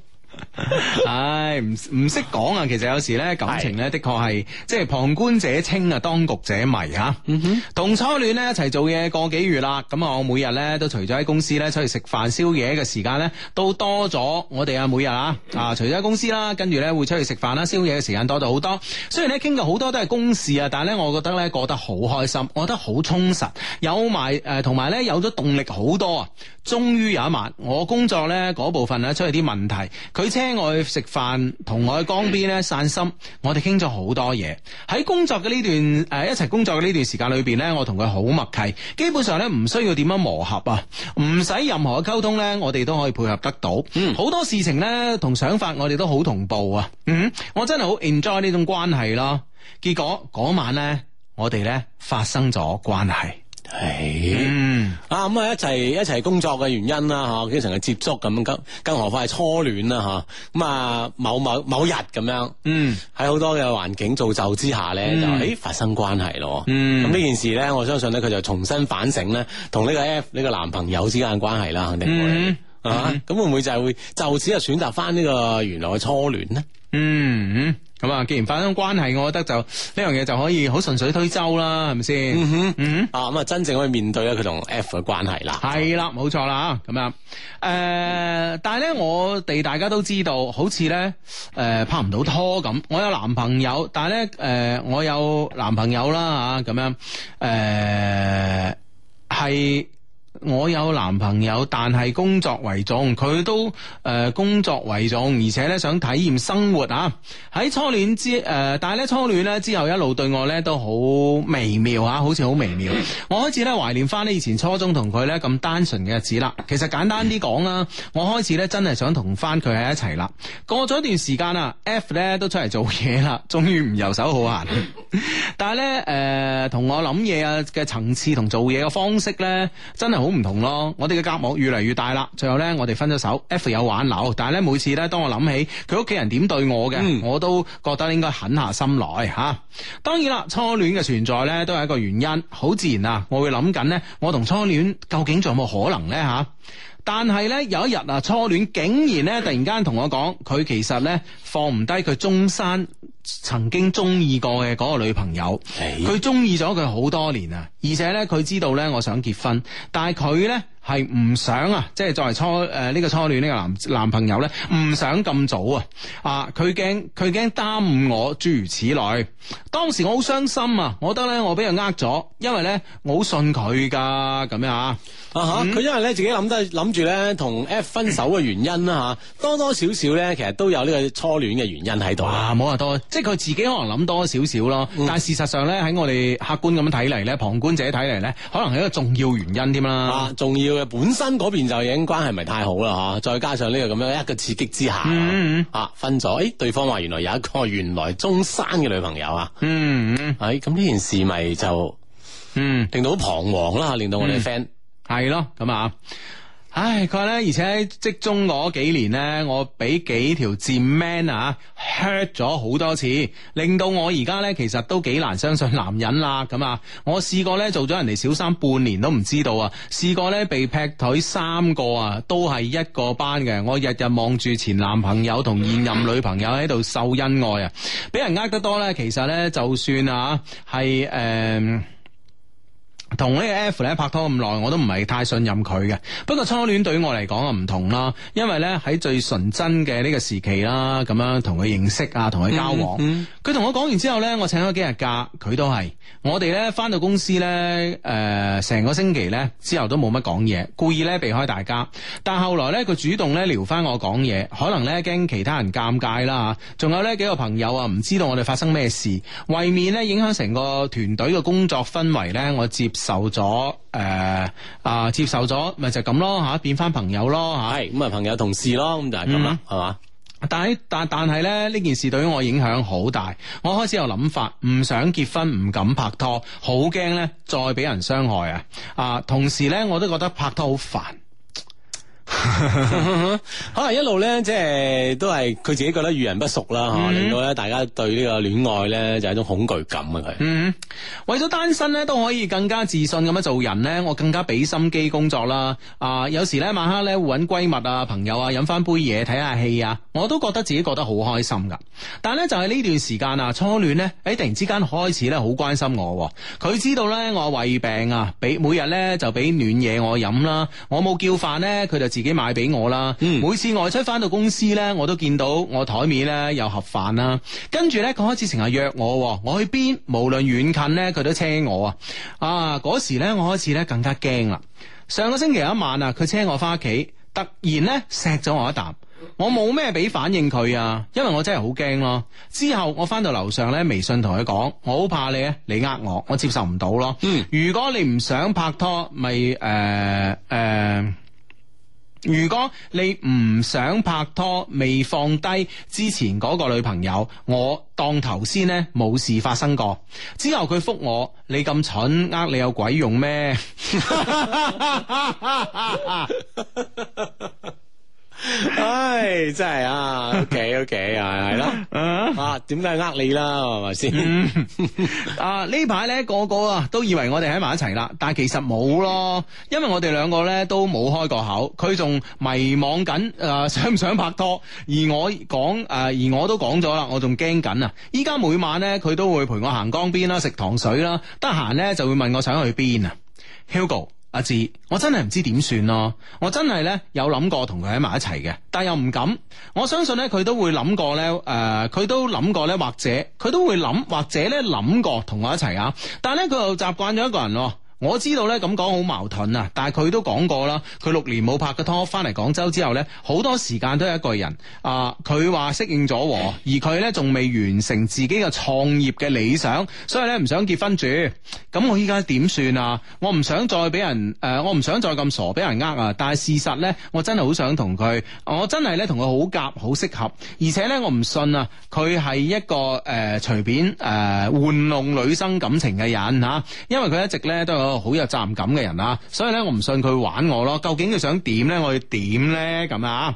唉，唔唔識講啊！其實有時呢，感情呢，的確係即係旁觀者清啊，當局者迷啊。同、mm hmm. 初戀呢，一齊做嘢個幾月啦，咁啊我每日呢，都除咗喺公司呢，出去食飯、宵夜嘅時間呢，都多咗。我哋、mm hmm. 啊每日啊啊除咗喺公司啦，跟住呢，會出去食飯啦、宵夜嘅時間多咗好多。雖然呢，傾嘅好多都係公事啊，但係呢，我覺得呢，過得好開心，我覺得好充實，有埋誒同埋呢，呃、有咗動力好多啊！終於有一晚我工作呢，嗰部分呢，出現啲問題，佢。車我去食飯，同我去江邊咧散心我、呃。我哋傾咗好多嘢喺工作嘅呢段誒，一齊工作嘅呢段時間裏邊咧，我同佢好默契，基本上咧唔需要點樣磨合啊，唔使任何嘅溝通咧，我哋都可以配合得到。嗯，好多事情咧同想法我哋都好同步啊。嗯，我真係好 enjoy 呢種關係咯。結果嗰晚咧，我哋咧發生咗關係。誒，啊，咁啊一齊一齊工作嘅原因啦，嗬，經常嘅接觸咁，更更何況係初戀啦，嗬，咁啊某某某日咁樣，嗯，喺、嗯、好多嘅環境造就之下咧，嗯、就誒發生關係咯，嗯，咁呢、啊、件事咧，我相信咧佢就重新反省咧，同呢個 F 呢個男朋友之間嘅關係啦，肯定會。嗯嗯啊，咁、嗯、會唔會就係會就此啊選擇翻呢個原來嘅初戀呢嗯？嗯，咁啊，既然發生關係，我覺得就呢樣嘢就可以好順水推舟啦，係咪先？嗯哼，啊、嗯哼，咁啊，真正可以面對咧佢同 F 嘅關係的、嗯、啦。係啦，冇錯啦，咁樣。誒、呃，但係呢，我哋大家都知道，好似呢，誒、呃，拍唔到拖咁。我有男朋友，但係呢，誒、呃，我有男朋友啦，吓咁樣，誒、呃，係。我有男朋友，但係工作為重，佢都誒、呃、工作為重，而且咧想體驗生活啊！喺初戀之誒、呃，但係咧初戀咧之後，一路對我咧都好微妙啊，好似好微妙。我開始咧懷念翻咧以前初中同佢咧咁單純嘅日子啦。其實簡單啲講啦，我開始咧真係想同翻佢喺一齊啦。過咗一段時間啊，F 咧都出嚟做嘢啦，終於唔游手好閒。 但係咧誒、同、呃、我諗嘢啊嘅層次同做嘢嘅方式咧，真係好。都唔同咯，我哋嘅隔膜越嚟越大啦。最後呢，我哋分咗手，F 有挽留，但係咧每次咧，當我諗起佢屋企人點對我嘅，嗯、我都覺得應該狠下心來吓。當然啦，初戀嘅存在咧都係一個原因，好自然啊。我會諗緊咧，我同初戀究竟仲有冇可能呢？」吓？但係咧有一日啊，初戀竟然咧突然間同我講，佢其實咧放唔低佢中山曾經中意過嘅個女朋友，佢中意咗佢好多年啊，而且咧佢知道咧我想結婚，但係佢咧。係唔想啊，即係作為初誒呢、呃呢個初戀呢、呢個男男朋友咧，唔想咁早啊！啊，佢驚佢驚耽誤我諸如此類。當時我好傷心啊，我覺得咧我俾佢呃咗，因為咧我好信佢噶咁樣、嗯、啊啊！吓，佢因為咧自己諗都諗住咧同 F 分手嘅原因啦吓、啊，多多少少咧其實都有呢個初戀嘅原因喺度。啊，冇話多，即係佢自己可能諗多少少咯。嗯、但係事實上咧喺我哋客觀咁樣睇嚟咧，旁觀者睇嚟咧，可能係一個重要原因添啦。啊，重要。本身嗰邊就已經關係唔係太好啦吓，再加上呢個咁樣一個刺激之下，mm hmm. 啊，分咗，誒、哎、對方話原來有一個原來中山嘅女朋友啊，嗯、mm，嗯、hmm. 哎，誒咁呢件事咪就嗯令到好彷徨啦，令到我哋 friend 係咯，咁、hmm. 啊。唉，佢話咧，而且職中嗰幾年呢，我俾幾條賤 man 啊，hurt 咗好多次，令到我而家呢，其實都幾難相信男人啦。咁啊，我試過呢，做咗人哋小三半年都唔知道啊，試過呢，被劈腿三個啊，都係一個班嘅。我日日望住前男朋友同現任女朋友喺度秀恩愛啊，俾人呃得多呢，其實呢，就算啊，係誒。呃同呢個 F 咧拍拖咁耐，我都唔係太信任佢嘅。不過初戀對於我嚟講啊，唔同啦，因為咧喺最純真嘅呢個時期啦，咁樣同佢認識啊，同佢交往。佢同、mm hmm. 我講完之後咧，我請咗幾日假，佢都係，我哋咧翻到公司咧，誒、呃、成個星期咧之後都冇乜講嘢，故意咧避開大家。但後來咧，佢主動咧聊翻我講嘢，可能咧驚其他人尷尬啦嚇。仲有咧幾個朋友啊，唔知道我哋發生咩事，為免咧影響成個團隊嘅工作氛圍咧，我接受咗，誒、呃、啊、呃、接受咗，咪就咁、是、咯吓，變返朋友咯吓，咁啊朋友同事咯，咁就係咁啦，係嘛、嗯吧？但係但但係咧呢件事對於我影響好大，我開始有諗法，唔想結婚，唔敢拍拖，好驚咧再俾人傷害啊！啊，同時咧我都覺得拍拖好煩。可能 一路呢，即係都係佢自己覺得遇人不淑啦，吓、嗯，令到咧大家對呢個戀愛呢就係一種恐懼感嘅。嗯，為咗單身呢都可以更加自信咁樣做人呢，我更加俾心機工作啦。啊，有時呢晚黑呢會搵閨蜜啊、朋友啊飲翻杯嘢、睇下戲啊，我都覺得自己覺得好開心噶。但係呢就係、是、呢段時間啊，初戀呢，喺突然之間開始呢好關心我，佢知道呢我胃病啊，俾每日呢就俾暖嘢我飲啦。我冇叫飯呢，佢就自自己買俾我啦，嗯、每次外出翻到公司呢，我都見到我台面呢有盒飯啦、啊，跟住呢，佢開始成日約我，啊，我去邊，無論遠近呢，佢都車我啊，啊嗰時呢，我開始呢更加驚啦。上個星期有一晚啊，佢車我翻屋企，突然呢錫咗我一啖，我冇咩俾反應佢啊，因為我真係好驚咯。之後我翻到樓上呢，微信同佢講，我好怕你啊，你呃我，我接受唔到咯。嗯，如果你唔想拍拖，咪誒誒。呃呃呃如果你唔想拍拖，未放低之前嗰個女朋友，我當頭先咧冇事發生過。之後佢覆我：你咁蠢，呃你有鬼用咩？ 唉，真係啊，OK OK，係係咯， 啊點解呃你啦，係咪先？啊呢排呢個個啊都以為我哋喺埋一齊啦，但係其實冇咯，因為我哋兩個呢都冇開過口，佢仲迷惘緊誒，想唔想拍拖？而我講誒、呃，而我都講咗啦，我仲驚緊啊！依家每晚呢，佢都會陪我行江邊啦，食糖水啦，得閒呢就會問我想去邊啊，Hugo。阿志，啊，我真係唔知點算咯，我真係咧有諗過同佢喺埋一齊嘅，但又唔敢。我相信咧佢都會諗過咧，誒、呃，佢都諗過咧，或者佢都會諗，或者咧諗過同我一齊啊，但係咧佢又習慣咗一個人咯。我知道咧，咁講好矛盾啊，但係佢都講過啦，佢六年冇拍過拖，翻嚟廣州之後呢，好多時間都係一個人。啊、呃，佢話適應咗，而佢呢仲未完成自己嘅創業嘅理想，所以呢唔想結婚住。咁我依家點算啊？我唔想再俾人誒、呃，我唔想再咁傻俾人呃啊！但係事實呢，我真係好想同佢，我真係呢同佢好夾好適合，而且呢，我唔信啊，佢係一個誒、呃、隨便誒、呃、玩弄女生感情嘅人吓，因為佢一直呢都有。好有責任感嘅人啊，所以咧我唔信佢玩我咯。究竟佢想點咧？我要點咧？咁啊！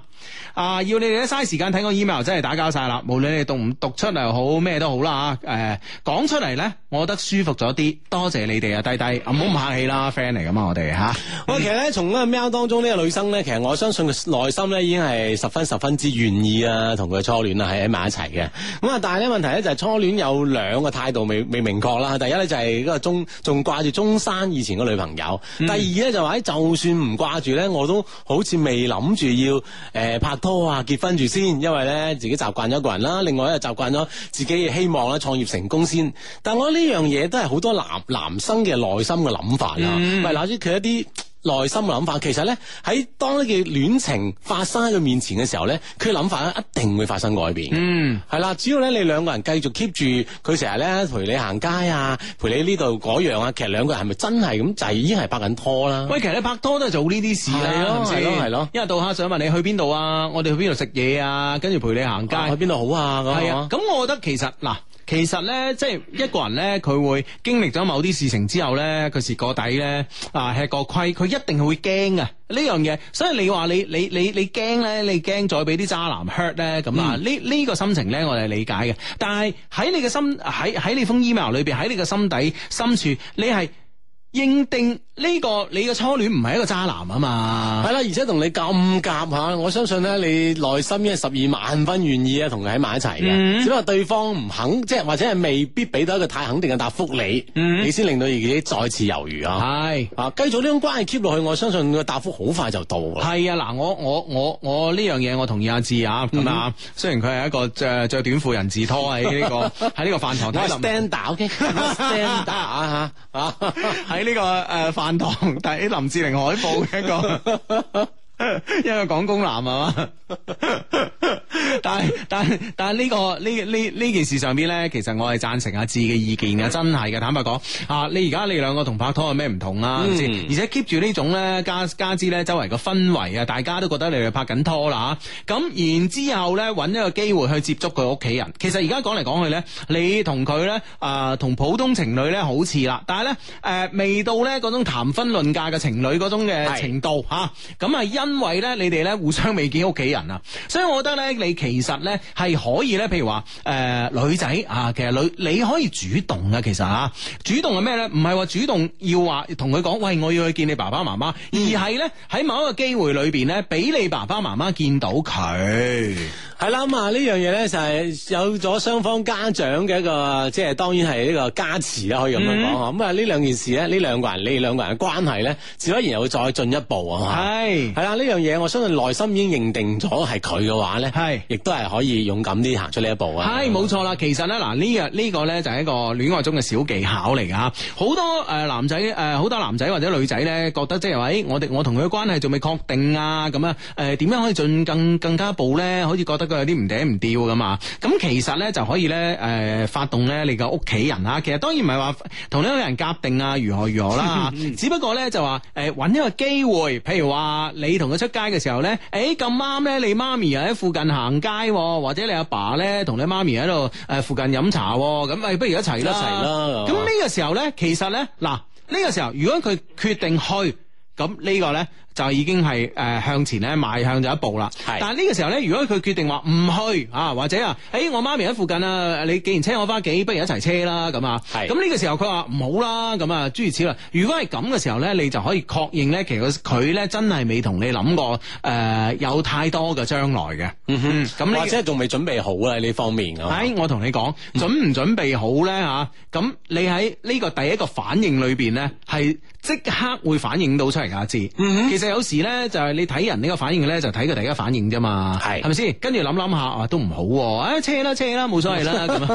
啊，要你哋嘥時間睇我 email 真係打交晒啦。無論你讀唔讀出嚟又好，咩都好啦啊！誒、啊，講出嚟咧，我覺得舒服咗啲。多謝你哋啊，弟弟，唔好唔客氣啦，friend 嚟噶我哋吓。我、啊嗯啊、其實咧從 mail 當中呢、這個女生咧，其實我相信佢內心咧已經係十分十分之願意啊，同佢初戀啊係喺埋一齊嘅。咁啊，但係咧問題咧就係初戀有兩個態度未未明確啦。第一咧就係嗰個中仲掛住中山以前嘅女朋友，嗯、第二咧就話、是、就算唔掛住咧，我都好似未諗住要誒、呃、拍拖啊、結婚住先，因為咧自己習慣咗一個人啦。另外咧，習慣咗自己希望咧創業成功先。但我呢樣嘢都係好多男男生嘅內心嘅諗法啦。唔係嗱，佢一啲。內心嘅諗法，其實咧喺當呢件戀情發生喺佢面前嘅時候咧，佢諗法咧一定會發生改變。嗯，係啦，只要咧你兩個人繼續 keep 住，佢成日咧陪你行街啊，陪你呢度嗰樣啊，其實兩個人係咪真係咁就已經係拍緊拖啦？喂，其實你拍拖都係做呢啲事咯，啊，係咯的，係咯，因為到下想問你去邊度啊，我哋去邊度食嘢啊，跟住陪你行街，去邊度好啊？咁係啊，咁的我覺得其實嗱。其實呢，即係一個人呢，佢會經歷咗某啲事情之後呢，佢蝕過底呢，啊吃過虧，佢一定係會驚嘅呢樣嘢。所以你話你你你你驚咧，你驚再俾啲渣男 hurt 呢？咁啊呢呢，嗯這個心情呢，我哋係理解嘅。但係喺你嘅心喺喺你封 email 裏邊喺你嘅心底深處，你係。認定呢、這個你嘅初戀唔係一個渣男啊嘛，係啦， 而且同你咁夾下。我相信咧你內心呢十二萬分願意啊同佢喺埋一齊嘅，嗯、只不過對方唔肯，即係或者係未必俾到一個太肯定嘅答覆你，嗯、你先令到自己再次猶豫啊。係是啊，繼續呢種關係 keep 落去，我相信個答覆好快就到。係啊，嗱，我我我我呢樣嘢我同意阿志啊，咁啊，嗯、哼雖然佢係一個誒着短褲人字拖喺呢、這個喺呢 個飯堂 standard，ok，standard 吓啊，喺。 呢個誒飯堂睇林志玲海報嘅一個。 因為港工男嘛、啊，但係但係但係呢個呢呢呢件事上邊咧，其實我係贊成阿志嘅意見嘅，真係嘅。坦白講，啊，你而家你兩個同拍拖有咩唔同啊？先、嗯，而且 keep 住呢種咧，加加之咧，周圍個氛圍啊，大家都覺得你哋拍緊拖啦，咁、啊、然之後咧，揾一個機會去接觸佢屋企人。其實而家講嚟講去咧，你同佢咧啊，同、呃、普通情侶咧好似啦，但係咧誒，未到咧嗰種談婚論嫁嘅情侶嗰種嘅程度吓，咁是啊因為咧，你哋咧互相未見屋企人啊，所以我覺得咧，你其實咧係可以咧，譬如話誒、呃、女仔啊，其實女你可以主動啊，其實吓，主動係咩咧？唔係話主動要話同佢講，喂，我要去見你爸爸媽媽，而係咧喺某一個機會裏邊咧，俾你爸爸媽媽見到佢，係啦。咁啊呢樣嘢咧就係有咗雙方家長嘅一個，即係當然係呢個加持啦，可以咁樣講嗬。咁啊呢兩件事咧，呢兩個人你哋兩個人嘅關係咧，自不然又會再進一步啊，係係啦。嗯嗯呢樣嘢，我相信內心已經認定咗係佢嘅話咧，是亦都係可以勇敢啲行出呢一步嘅。係冇是是錯啦，其實咧嗱呢樣呢、呢個咧、呢個、就係一個戀愛中嘅小技巧嚟噶吓，好多誒、呃、男仔誒好、呃、多男仔或者女仔咧覺得即係話、哎，我哋我同佢嘅關係仲未確定啊，咁啊誒點樣、呃、可以進更更加步咧？好似覺得佢有啲唔嗲唔吊咁啊！咁其實咧就可以咧誒、呃、發動咧你嘅屋企人啊，其實當然唔係話同呢個人夾定啊，如何如何啦， 只不過咧就話誒搵一個機會，譬如話你同。同佢出街嘅時候咧，誒咁啱咧，你媽咪又喺附近行街、哦，或者你阿爸咧同你媽咪喺度誒附近飲茶、哦，咁誒不如一齊啦。咁呢 個時候咧，其實咧嗱，呢、呢個時候如果佢決定去。咁呢個咧就已經係誒向前咧邁向咗一步啦。係是，但係呢個時候咧，如果佢決定話唔去啊，或者啊，誒、欸、我媽咪喺附近啦、啊，你既然車我翻屋企，不如一齊車啦咁啊。係，咁呢個時候佢話唔好啦，咁啊，諸如此類，如果係咁嘅時候咧，你就可以確認咧，其實佢咧真係未同你諗過誒、呃、有太多嘅將來嘅。嗯哼，咁、嗯、或者仲未準備好啦，呢方面係、哎，我同你講準唔準備好咧，吓，咁你喺呢個第一個反應裏邊咧，係即刻會反映到出嚟。大家知，嗯、其實有時咧就係、係、你睇人呢個反應咧，就睇佢第一反應啫嘛，係是，係咪先？跟住諗諗下，啊都唔好、啊，誒、啊，車啦車啦，冇所謂啦，咁樣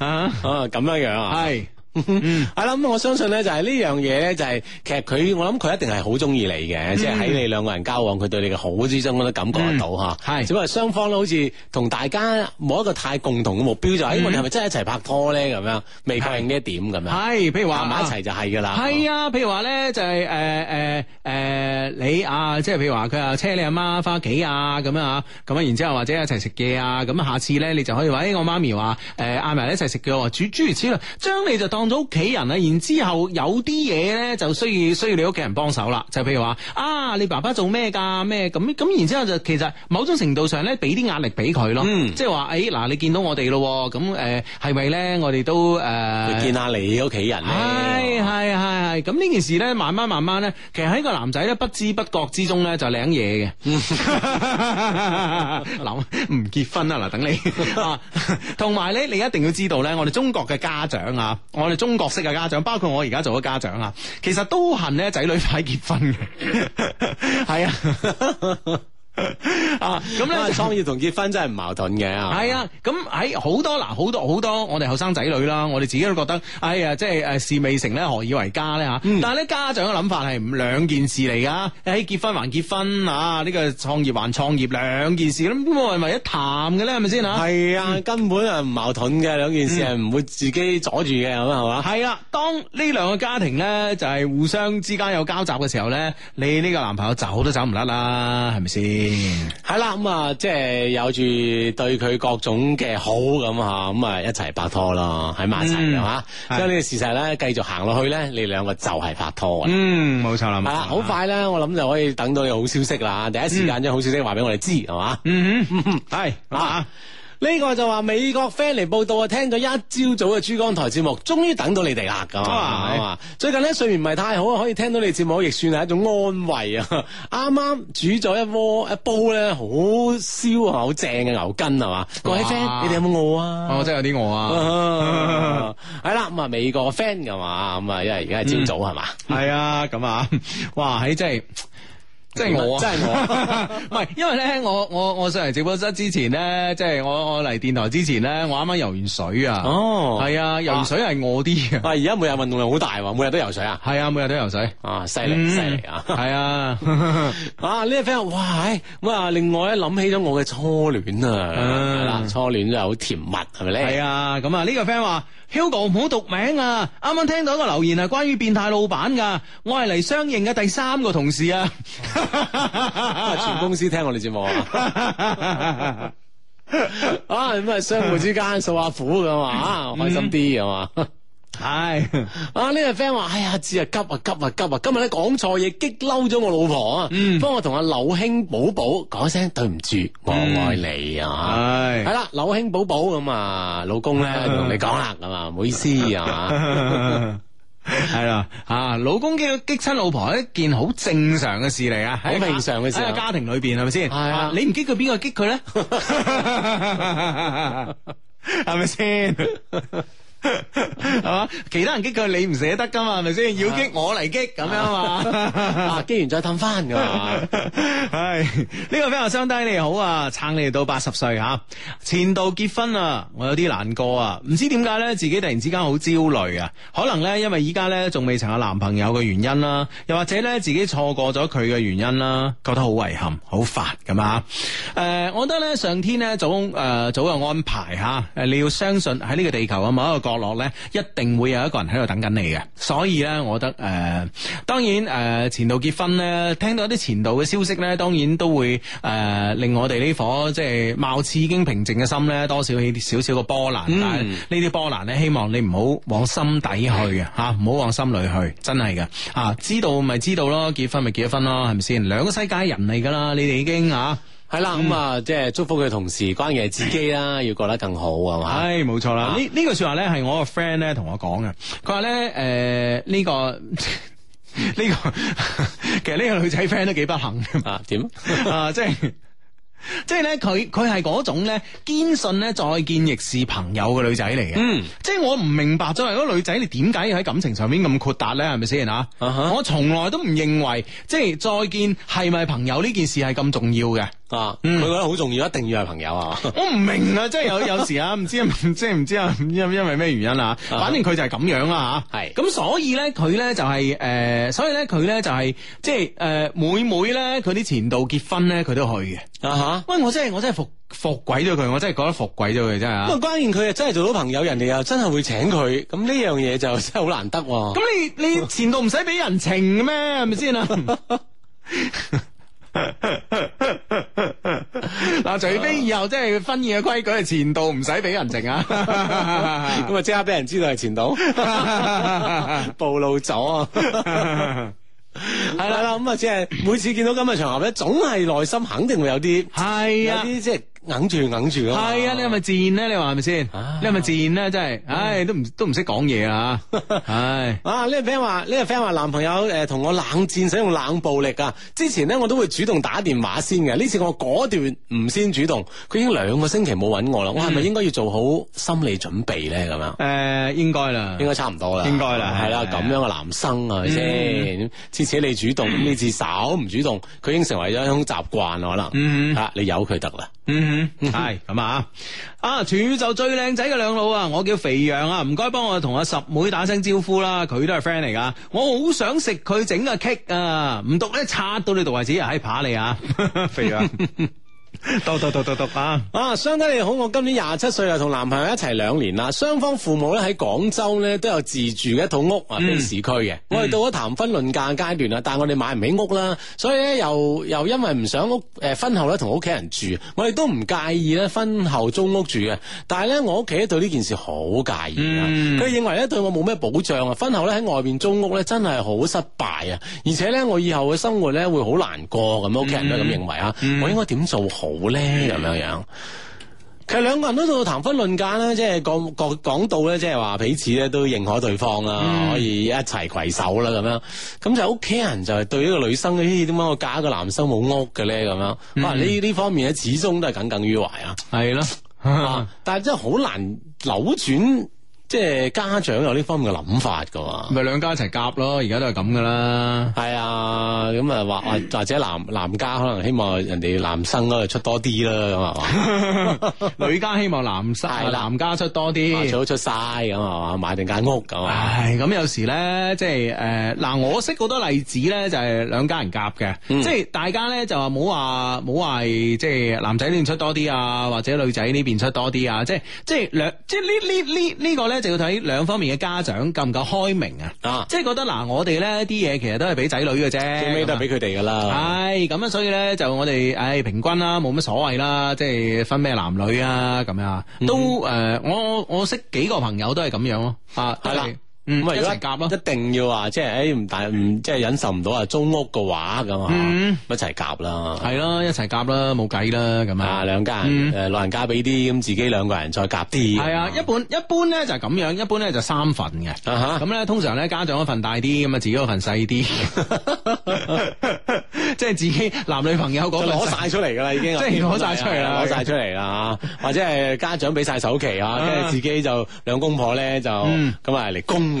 啊咁樣樣啊，係。係啦，咁、 嗯、 我相信咧，就係呢樣嘢咧，就係其實佢，我諗佢一定係好中意你嘅，即係喺你兩個人交往，佢對你嘅好之中，我都感覺得到吓。係、嗯，只不過雙方都好似同大家冇一個太共同嘅目標、就係，就係我哋係咪真係一齊拍拖咧？咁樣未確認呢一點咁、嗯、樣。係，譬如話 一齊就係噶啦。係啊，譬如話咧就係誒誒誒你啊，即係譬如話佢啊，車你阿媽翻屋企啊，咁樣啊，咁啊，然之後或者一齊食嘢啊，咁下次咧你就可以話，誒、欸，欸欸欸欸嗯欸欸呃、我媽咪話誒嗌埋一齊食嘅，煮諸如此類，將你就當。屋企人啊，然之後有啲嘢咧就需要需要你屋企人幫手啦，就譬如話啊，你爸爸做咩噶咩咁咁，然之後就其實某種程度上咧，俾啲壓力俾佢咯，嗯、即係話誒嗱，你見到我哋咯咁誒係咪咧？我哋都誒、呃、見下你屋企人呢，係係係咁呢件事咧，慢慢慢慢咧，其實喺個男仔咧不知不覺之中咧就領嘢嘅，咁唔、嗯、 結婚啊，嗱等你，同埋咧你一定要知道咧，我哋中國嘅家長啊，中國式嘅家長，包括我而家做咗家長啊，其實都恨咧仔女快結婚嘅，係 是啊。 啊，咁咧創業同結婚真係唔矛盾嘅，係啊，咁喺好多嗱，好多好多我哋後生仔女啦，我哋自己都覺得哎呀，即係誒事未成咧何以為家咧吓，但係咧家長嘅諗法係兩件事嚟噶，係結婚還結婚啊，呢個創業還創業兩件事咁，冇咪一談嘅咧，係咪先啊？係啊，根本係唔矛盾嘅兩件事，係唔會自己阻住嘅咁係嘛？係啊，當呢兩個家庭咧就係互相之間有交集嘅時候咧，你呢個男朋友走都走唔甩啦，係咪先？嗯，係啦，嗯，咁啊，即係有住對佢各種嘅好咁吓，咁啊一齊拍拖啦，喺埋一齊吓。呢個事實咧，繼續行落去咧，你兩個就係拍拖嘅。嗯，冇錯啦，好快咧，我諗就可以等到你好消息啦。第一時間將好消息話俾我哋知，係嘛，嗯？嗯哼，係啊。呢個就話美國 friend 嚟報道啊，聽咗一朝早嘅珠江台節目，終於等到你哋啦，咁啊！係咪？最近咧睡眠唔係太好啊，可以聽到你節目，亦算係一種安慰啊！啱啱煮咗一鍋一煲咧，好燒啊，好正嘅牛筋係嘛？各位 friend，你哋有冇餓啊？我真係有啲餓啊！係 啦、 嗯，咁啊美國 friend 㗎嘛，咁啊因為而家係朝早係嘛？係啊，咁啊，哇！喺真係。即係我、啊，即係是我，唔係，因為咧，我我我上嚟直播室之前咧，即係我我嚟電台之前咧，我啱啱游完水啊！哦，係啊，游完水係餓啲嘅。啊，而家每日運動量好大喎、啊，每日都游水啊？係啊，每日都游水啊，犀利犀利啊！係 啊，啊、這、呢個 friend，哇，咁、哎、啊，另外咧諗起咗我嘅初戀啊，係啦、啊啊，初戀就好甜蜜，係咪咧？係啊，咁啊呢個 friend 話。Hugo 唔好讀名啊！啱啱聽到一個留言啊，係關於變態老闆噶，我係嚟相認嘅第三個同事啊！ 全公司聽我哋節目 啊！啊咁啊，相互之間掃下苦噶嘛、啊，開心啲噶嘛。 係啊！呢個 friend 話：哎呀，字啊急啊急啊急啊！今日咧講錯嘢，激嬲咗我老婆啊！嗯，幫我同阿柳兄寶寶講聲對唔住，我愛你啊！係係啦，柳兄寶寶咁啊，老公咧同你講啦，咁啊，唔好意思啊！係啦，啊，老公佢激親老婆，係一件好正常嘅事嚟。啊！好平常嘅事喺家庭裏邊係咪先？係啊，你唔激佢邊個激佢咧？啊，係咪先？係嘛？ 其他人激佢，你唔捨得噶嘛？係咪先？要激我嚟，激咁樣嘛？激、 啊、完再氹翻噶嘛？係 呢、 哎這個畢業相低好你好啊，撐你到八十歲吓。前度結婚啊，我有啲難過啊，唔知點解咧，自己突然之間好焦慮啊。可能咧，因為依家咧仲未曾有男朋友嘅原因啦，又或者咧自己錯過咗佢嘅原因啦，覺得好遺憾、好煩咁啊。誒，我覺得咧上天咧早誒、呃，早有安排吓。誒、啊，你要相信喺呢個地球啊，某一個落落咧，一定會有一個人喺度等緊你嘅，所以咧，我覺得誒、呃，當然誒、呃，前度結婚咧，聽到一啲前度嘅消息咧，當然都會誒、呃，令我哋呢顆即係貌似已經平靜嘅心咧，多少起少少個波瀾，嗯、但係呢啲波瀾咧，希望你唔好往心底去吓，唔好、嗯啊、往心裏去，真係噶吓，知道咪知道咯，結婚咪結婚咯，係咪先？兩個世界人嚟噶啦，你哋已經吓。啊係啦，咁啊，即係祝福佢，同時關鍵係自己啦，要過得更好啊，吓。係冇錯啦，呢呢句說話咧係我個 friend 咧同我講嘅。佢話咧誒，呢個呢個其實呢個女仔 friend 都幾不幸啊？點啊？即係即係咧，佢佢係嗰種咧堅信咧再見亦是朋友嘅女仔嚟嘅。嗯，即係我唔明白，作為個女仔你點解要喺感情上面咁豁達咧？係咪先啊？我從來都唔認為即係再見係咪朋友呢件事係咁重要嘅。啊！佢覺得好重要，一定要係朋友啊！我唔明啊，即係有 有時啊，唔知即係唔知啊，唔知因為咩原因啊？ 反正佢就係咁樣啦、啊、吓。係是。咁所以咧，佢咧就係、是、誒、呃，所以咧，佢咧就係即係誒，妹、呃、每咧佢啲前度結婚咧，佢都去嘅。啊喂， 我真係我真係服服鬼咗佢，我真係覺得服鬼咗佢真係。不過啊，關鍵佢又真係做到朋友，人哋又真係會請佢，咁呢樣嘢就真係好難得、啊。咁你你前度唔使俾人情嘅咩？係咪先啊？ 嗱，除非以後即係婚宴嘅規矩，係前度唔使俾人情啊，咁啊即刻俾人知道係前度， 暴露咗，啊，係啦，咁啊即係每次見到咁嘅場合咧，總係內心肯定有、啊、會有啲，係啊，有啲即係。揞住揞住啊！係啊，你係咪賤咧？你話係咪先？你係咪賤咧？真係，唉，都唔都唔識講嘢啊！唉，啊，呢個 friend 話呢個 friend 話，男朋友誒同我冷戰，使用冷暴力啊！之前呢，我都會主動打電話先嘅，呢次我果斷唔先主動，佢已經兩個星期冇揾我啦。我係咪應該要做好心理準備咧？咁樣誒，應該啦，應該差唔多啦，應該啦，係啦，咁樣嘅男生啊，係咪先？次次你主動，呢次稍唔主動，佢已經成為咗一種習慣可能，吓你由佢得啦。嗯、 哎，係咁啊，啊，全宇宙最靚仔嘅兩老啊，我叫肥羊啊，唔該幫我同阿十妹打聲招呼啦，佢都係 friend 嚟噶。我好想食佢整嘅 cake 啊，唔讀咧拆到你度為止啊，喺扒你啊， 肥羊、啊。 嘟嘟嘟嘟嘟啊！啊，雙姐你好，我今年廿七歲啊，同男朋友一齊兩年啦。雙方父母咧喺廣州咧都有自住嘅一套屋啊，喺、嗯、市區嘅。嗯、我哋到咗談婚論嫁階段啦，但係我哋買唔起屋啦，所以咧又又因為唔想屋、誒、呃、婚後咧同屋企人住，我哋都唔介意咧婚後租屋住嘅。但係咧我屋企對呢件事好介意啊，佢、嗯、認為咧對我冇咩保障啊，婚後咧喺外邊租屋咧真係好失敗啊，而且咧我以後嘅生活咧會好難過咁，屋企人都咁認為啊，嗯嗯、我應該點做好？好、哦、咧，咁樣樣，其實兩個人都度談婚論嫁啦，即係講講講到咧，即係話彼此咧都認可對方啦，可以一齊攜手啦，咁樣，咁就屋企人就係對呢個女生呢啲點解我嫁一個男生冇屋嘅咧，咁樣，嗯、哇，呢呢方面咧始終都係耿耿於懷啊，係咯，但係真係好難扭轉。即係家長有呢方面嘅諗法噶嘛、啊？咪兩 家一齊夾咯，而家都係咁噶啦。係啊，咁啊或或或者男男家可能希望人哋男生嗰度出多啲啦，咁啊，女家希望男生 男家出多啲，啊啊，最好出晒，咁啊，買定間屋咁啊。唉，咁， 哎，有時咧，即係誒，嗱，呃，我識好多例子咧，就係、是、兩家人夾嘅，嗯、即係大家咧就話冇話冇話，即係男仔呢邊出多啲啊，或者女仔呢邊出多啲啊，即係即係兩即係、 這個、呢呢呢呢個咧。 這 就要睇兩方面嘅家長夠唔夠開明啊，啊即係覺得嗱、呃，我哋咧啲嘢其實都係俾仔女嘅啫，最屘都係俾佢哋噶啦。係咁樣啊，所以咧就我哋，唉、哎，平均啦，冇乜所謂啦，即係分咩男女啊，咁樣都誒、嗯呃，我我我識幾個朋友都係咁樣咯，啊，係啦嗎。是啊唔係一齊夾咯，一定要話即係誒，唔但唔即係忍受唔到啊，租屋嘅話咁啊，一齊夾啦，係囉，一齊夾啦，冇計啦咁啊，兩家人誒老人家俾啲，咁自己兩個人再夾啲，係啊，一般一般咧就係咁樣，一般咧就三份嘅，咁咧通常咧家長一份大啲，咁啊自己一份細啲，即係自己男女朋友嗰份攞晒出嚟噶啦，已經即係攞晒出嚟啦，攞晒出嚟啦，或者係家長俾晒首期啊，跟住自己就兩公婆咧就咁啊嚟供。係啊，喂，誒，通常通常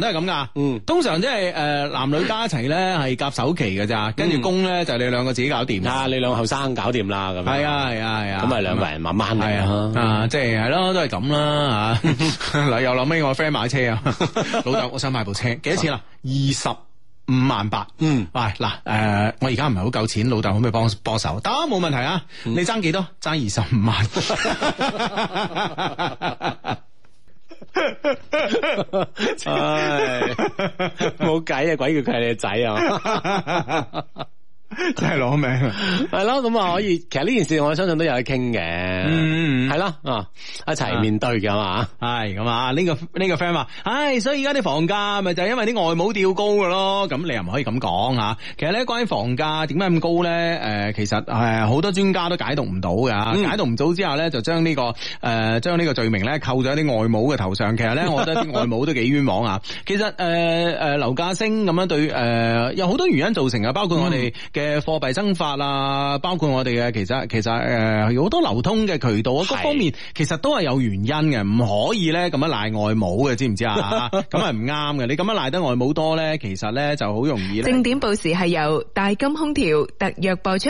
都係咁噶，嗯，通常即係誒男女加齊咧係夾首期嘅咋，跟住供咧就你兩個自己搞掂啦，你兩個後生搞掂啦，咁，係啊係啊係啊，咁啊兩個人慢慢嚟啊，啊，即係係咯，都係咁啦吓，嗱又諗起我 friend 買車啊，老豆，我想買部車，幾多錢啊？二十五萬八，嗯，喂，嗱，誒，我而家唔係好夠錢，老豆可唔可以幫幫手？得，冇問題啊，你爭幾多？爭二十五萬。唉，冇計啊，鬼叫佢係你仔啊！真係攞命，係咯， 咁啊可以，其實呢件事我相信都有得傾嘅，嗯，係咯，啊，一齊面對嘅嘛，係咁啊，呢、這個呢、這個 friend 話，唉、哎，所以而家啲房價咪就因為啲外母調高嘅咯，咁你又唔可以咁講啊。其實咧關於房價點解咁高咧，誒、呃，其實係好、呃、多專家都解讀唔到嘅，解讀唔到之後咧，就將呢、這個誒、呃、將呢個罪名咧扣咗喺啲外母嘅頭上，其實咧 我覺得啲外母都幾冤枉啊，其實誒誒樓價升咁樣對誒、呃呃、有好多原因造成啊，包括我哋 嘅貨幣增發啊，包括我哋嘅其實其實誒，好多流通嘅渠道啊，是各方面其實都係有原因嘅，唔可以咧咁樣賴外母嘅，知唔知啊？咁係唔啱嘅，你咁樣賴得外母多咧，其實咧就好容易。正點報時係由大金空調特約播出。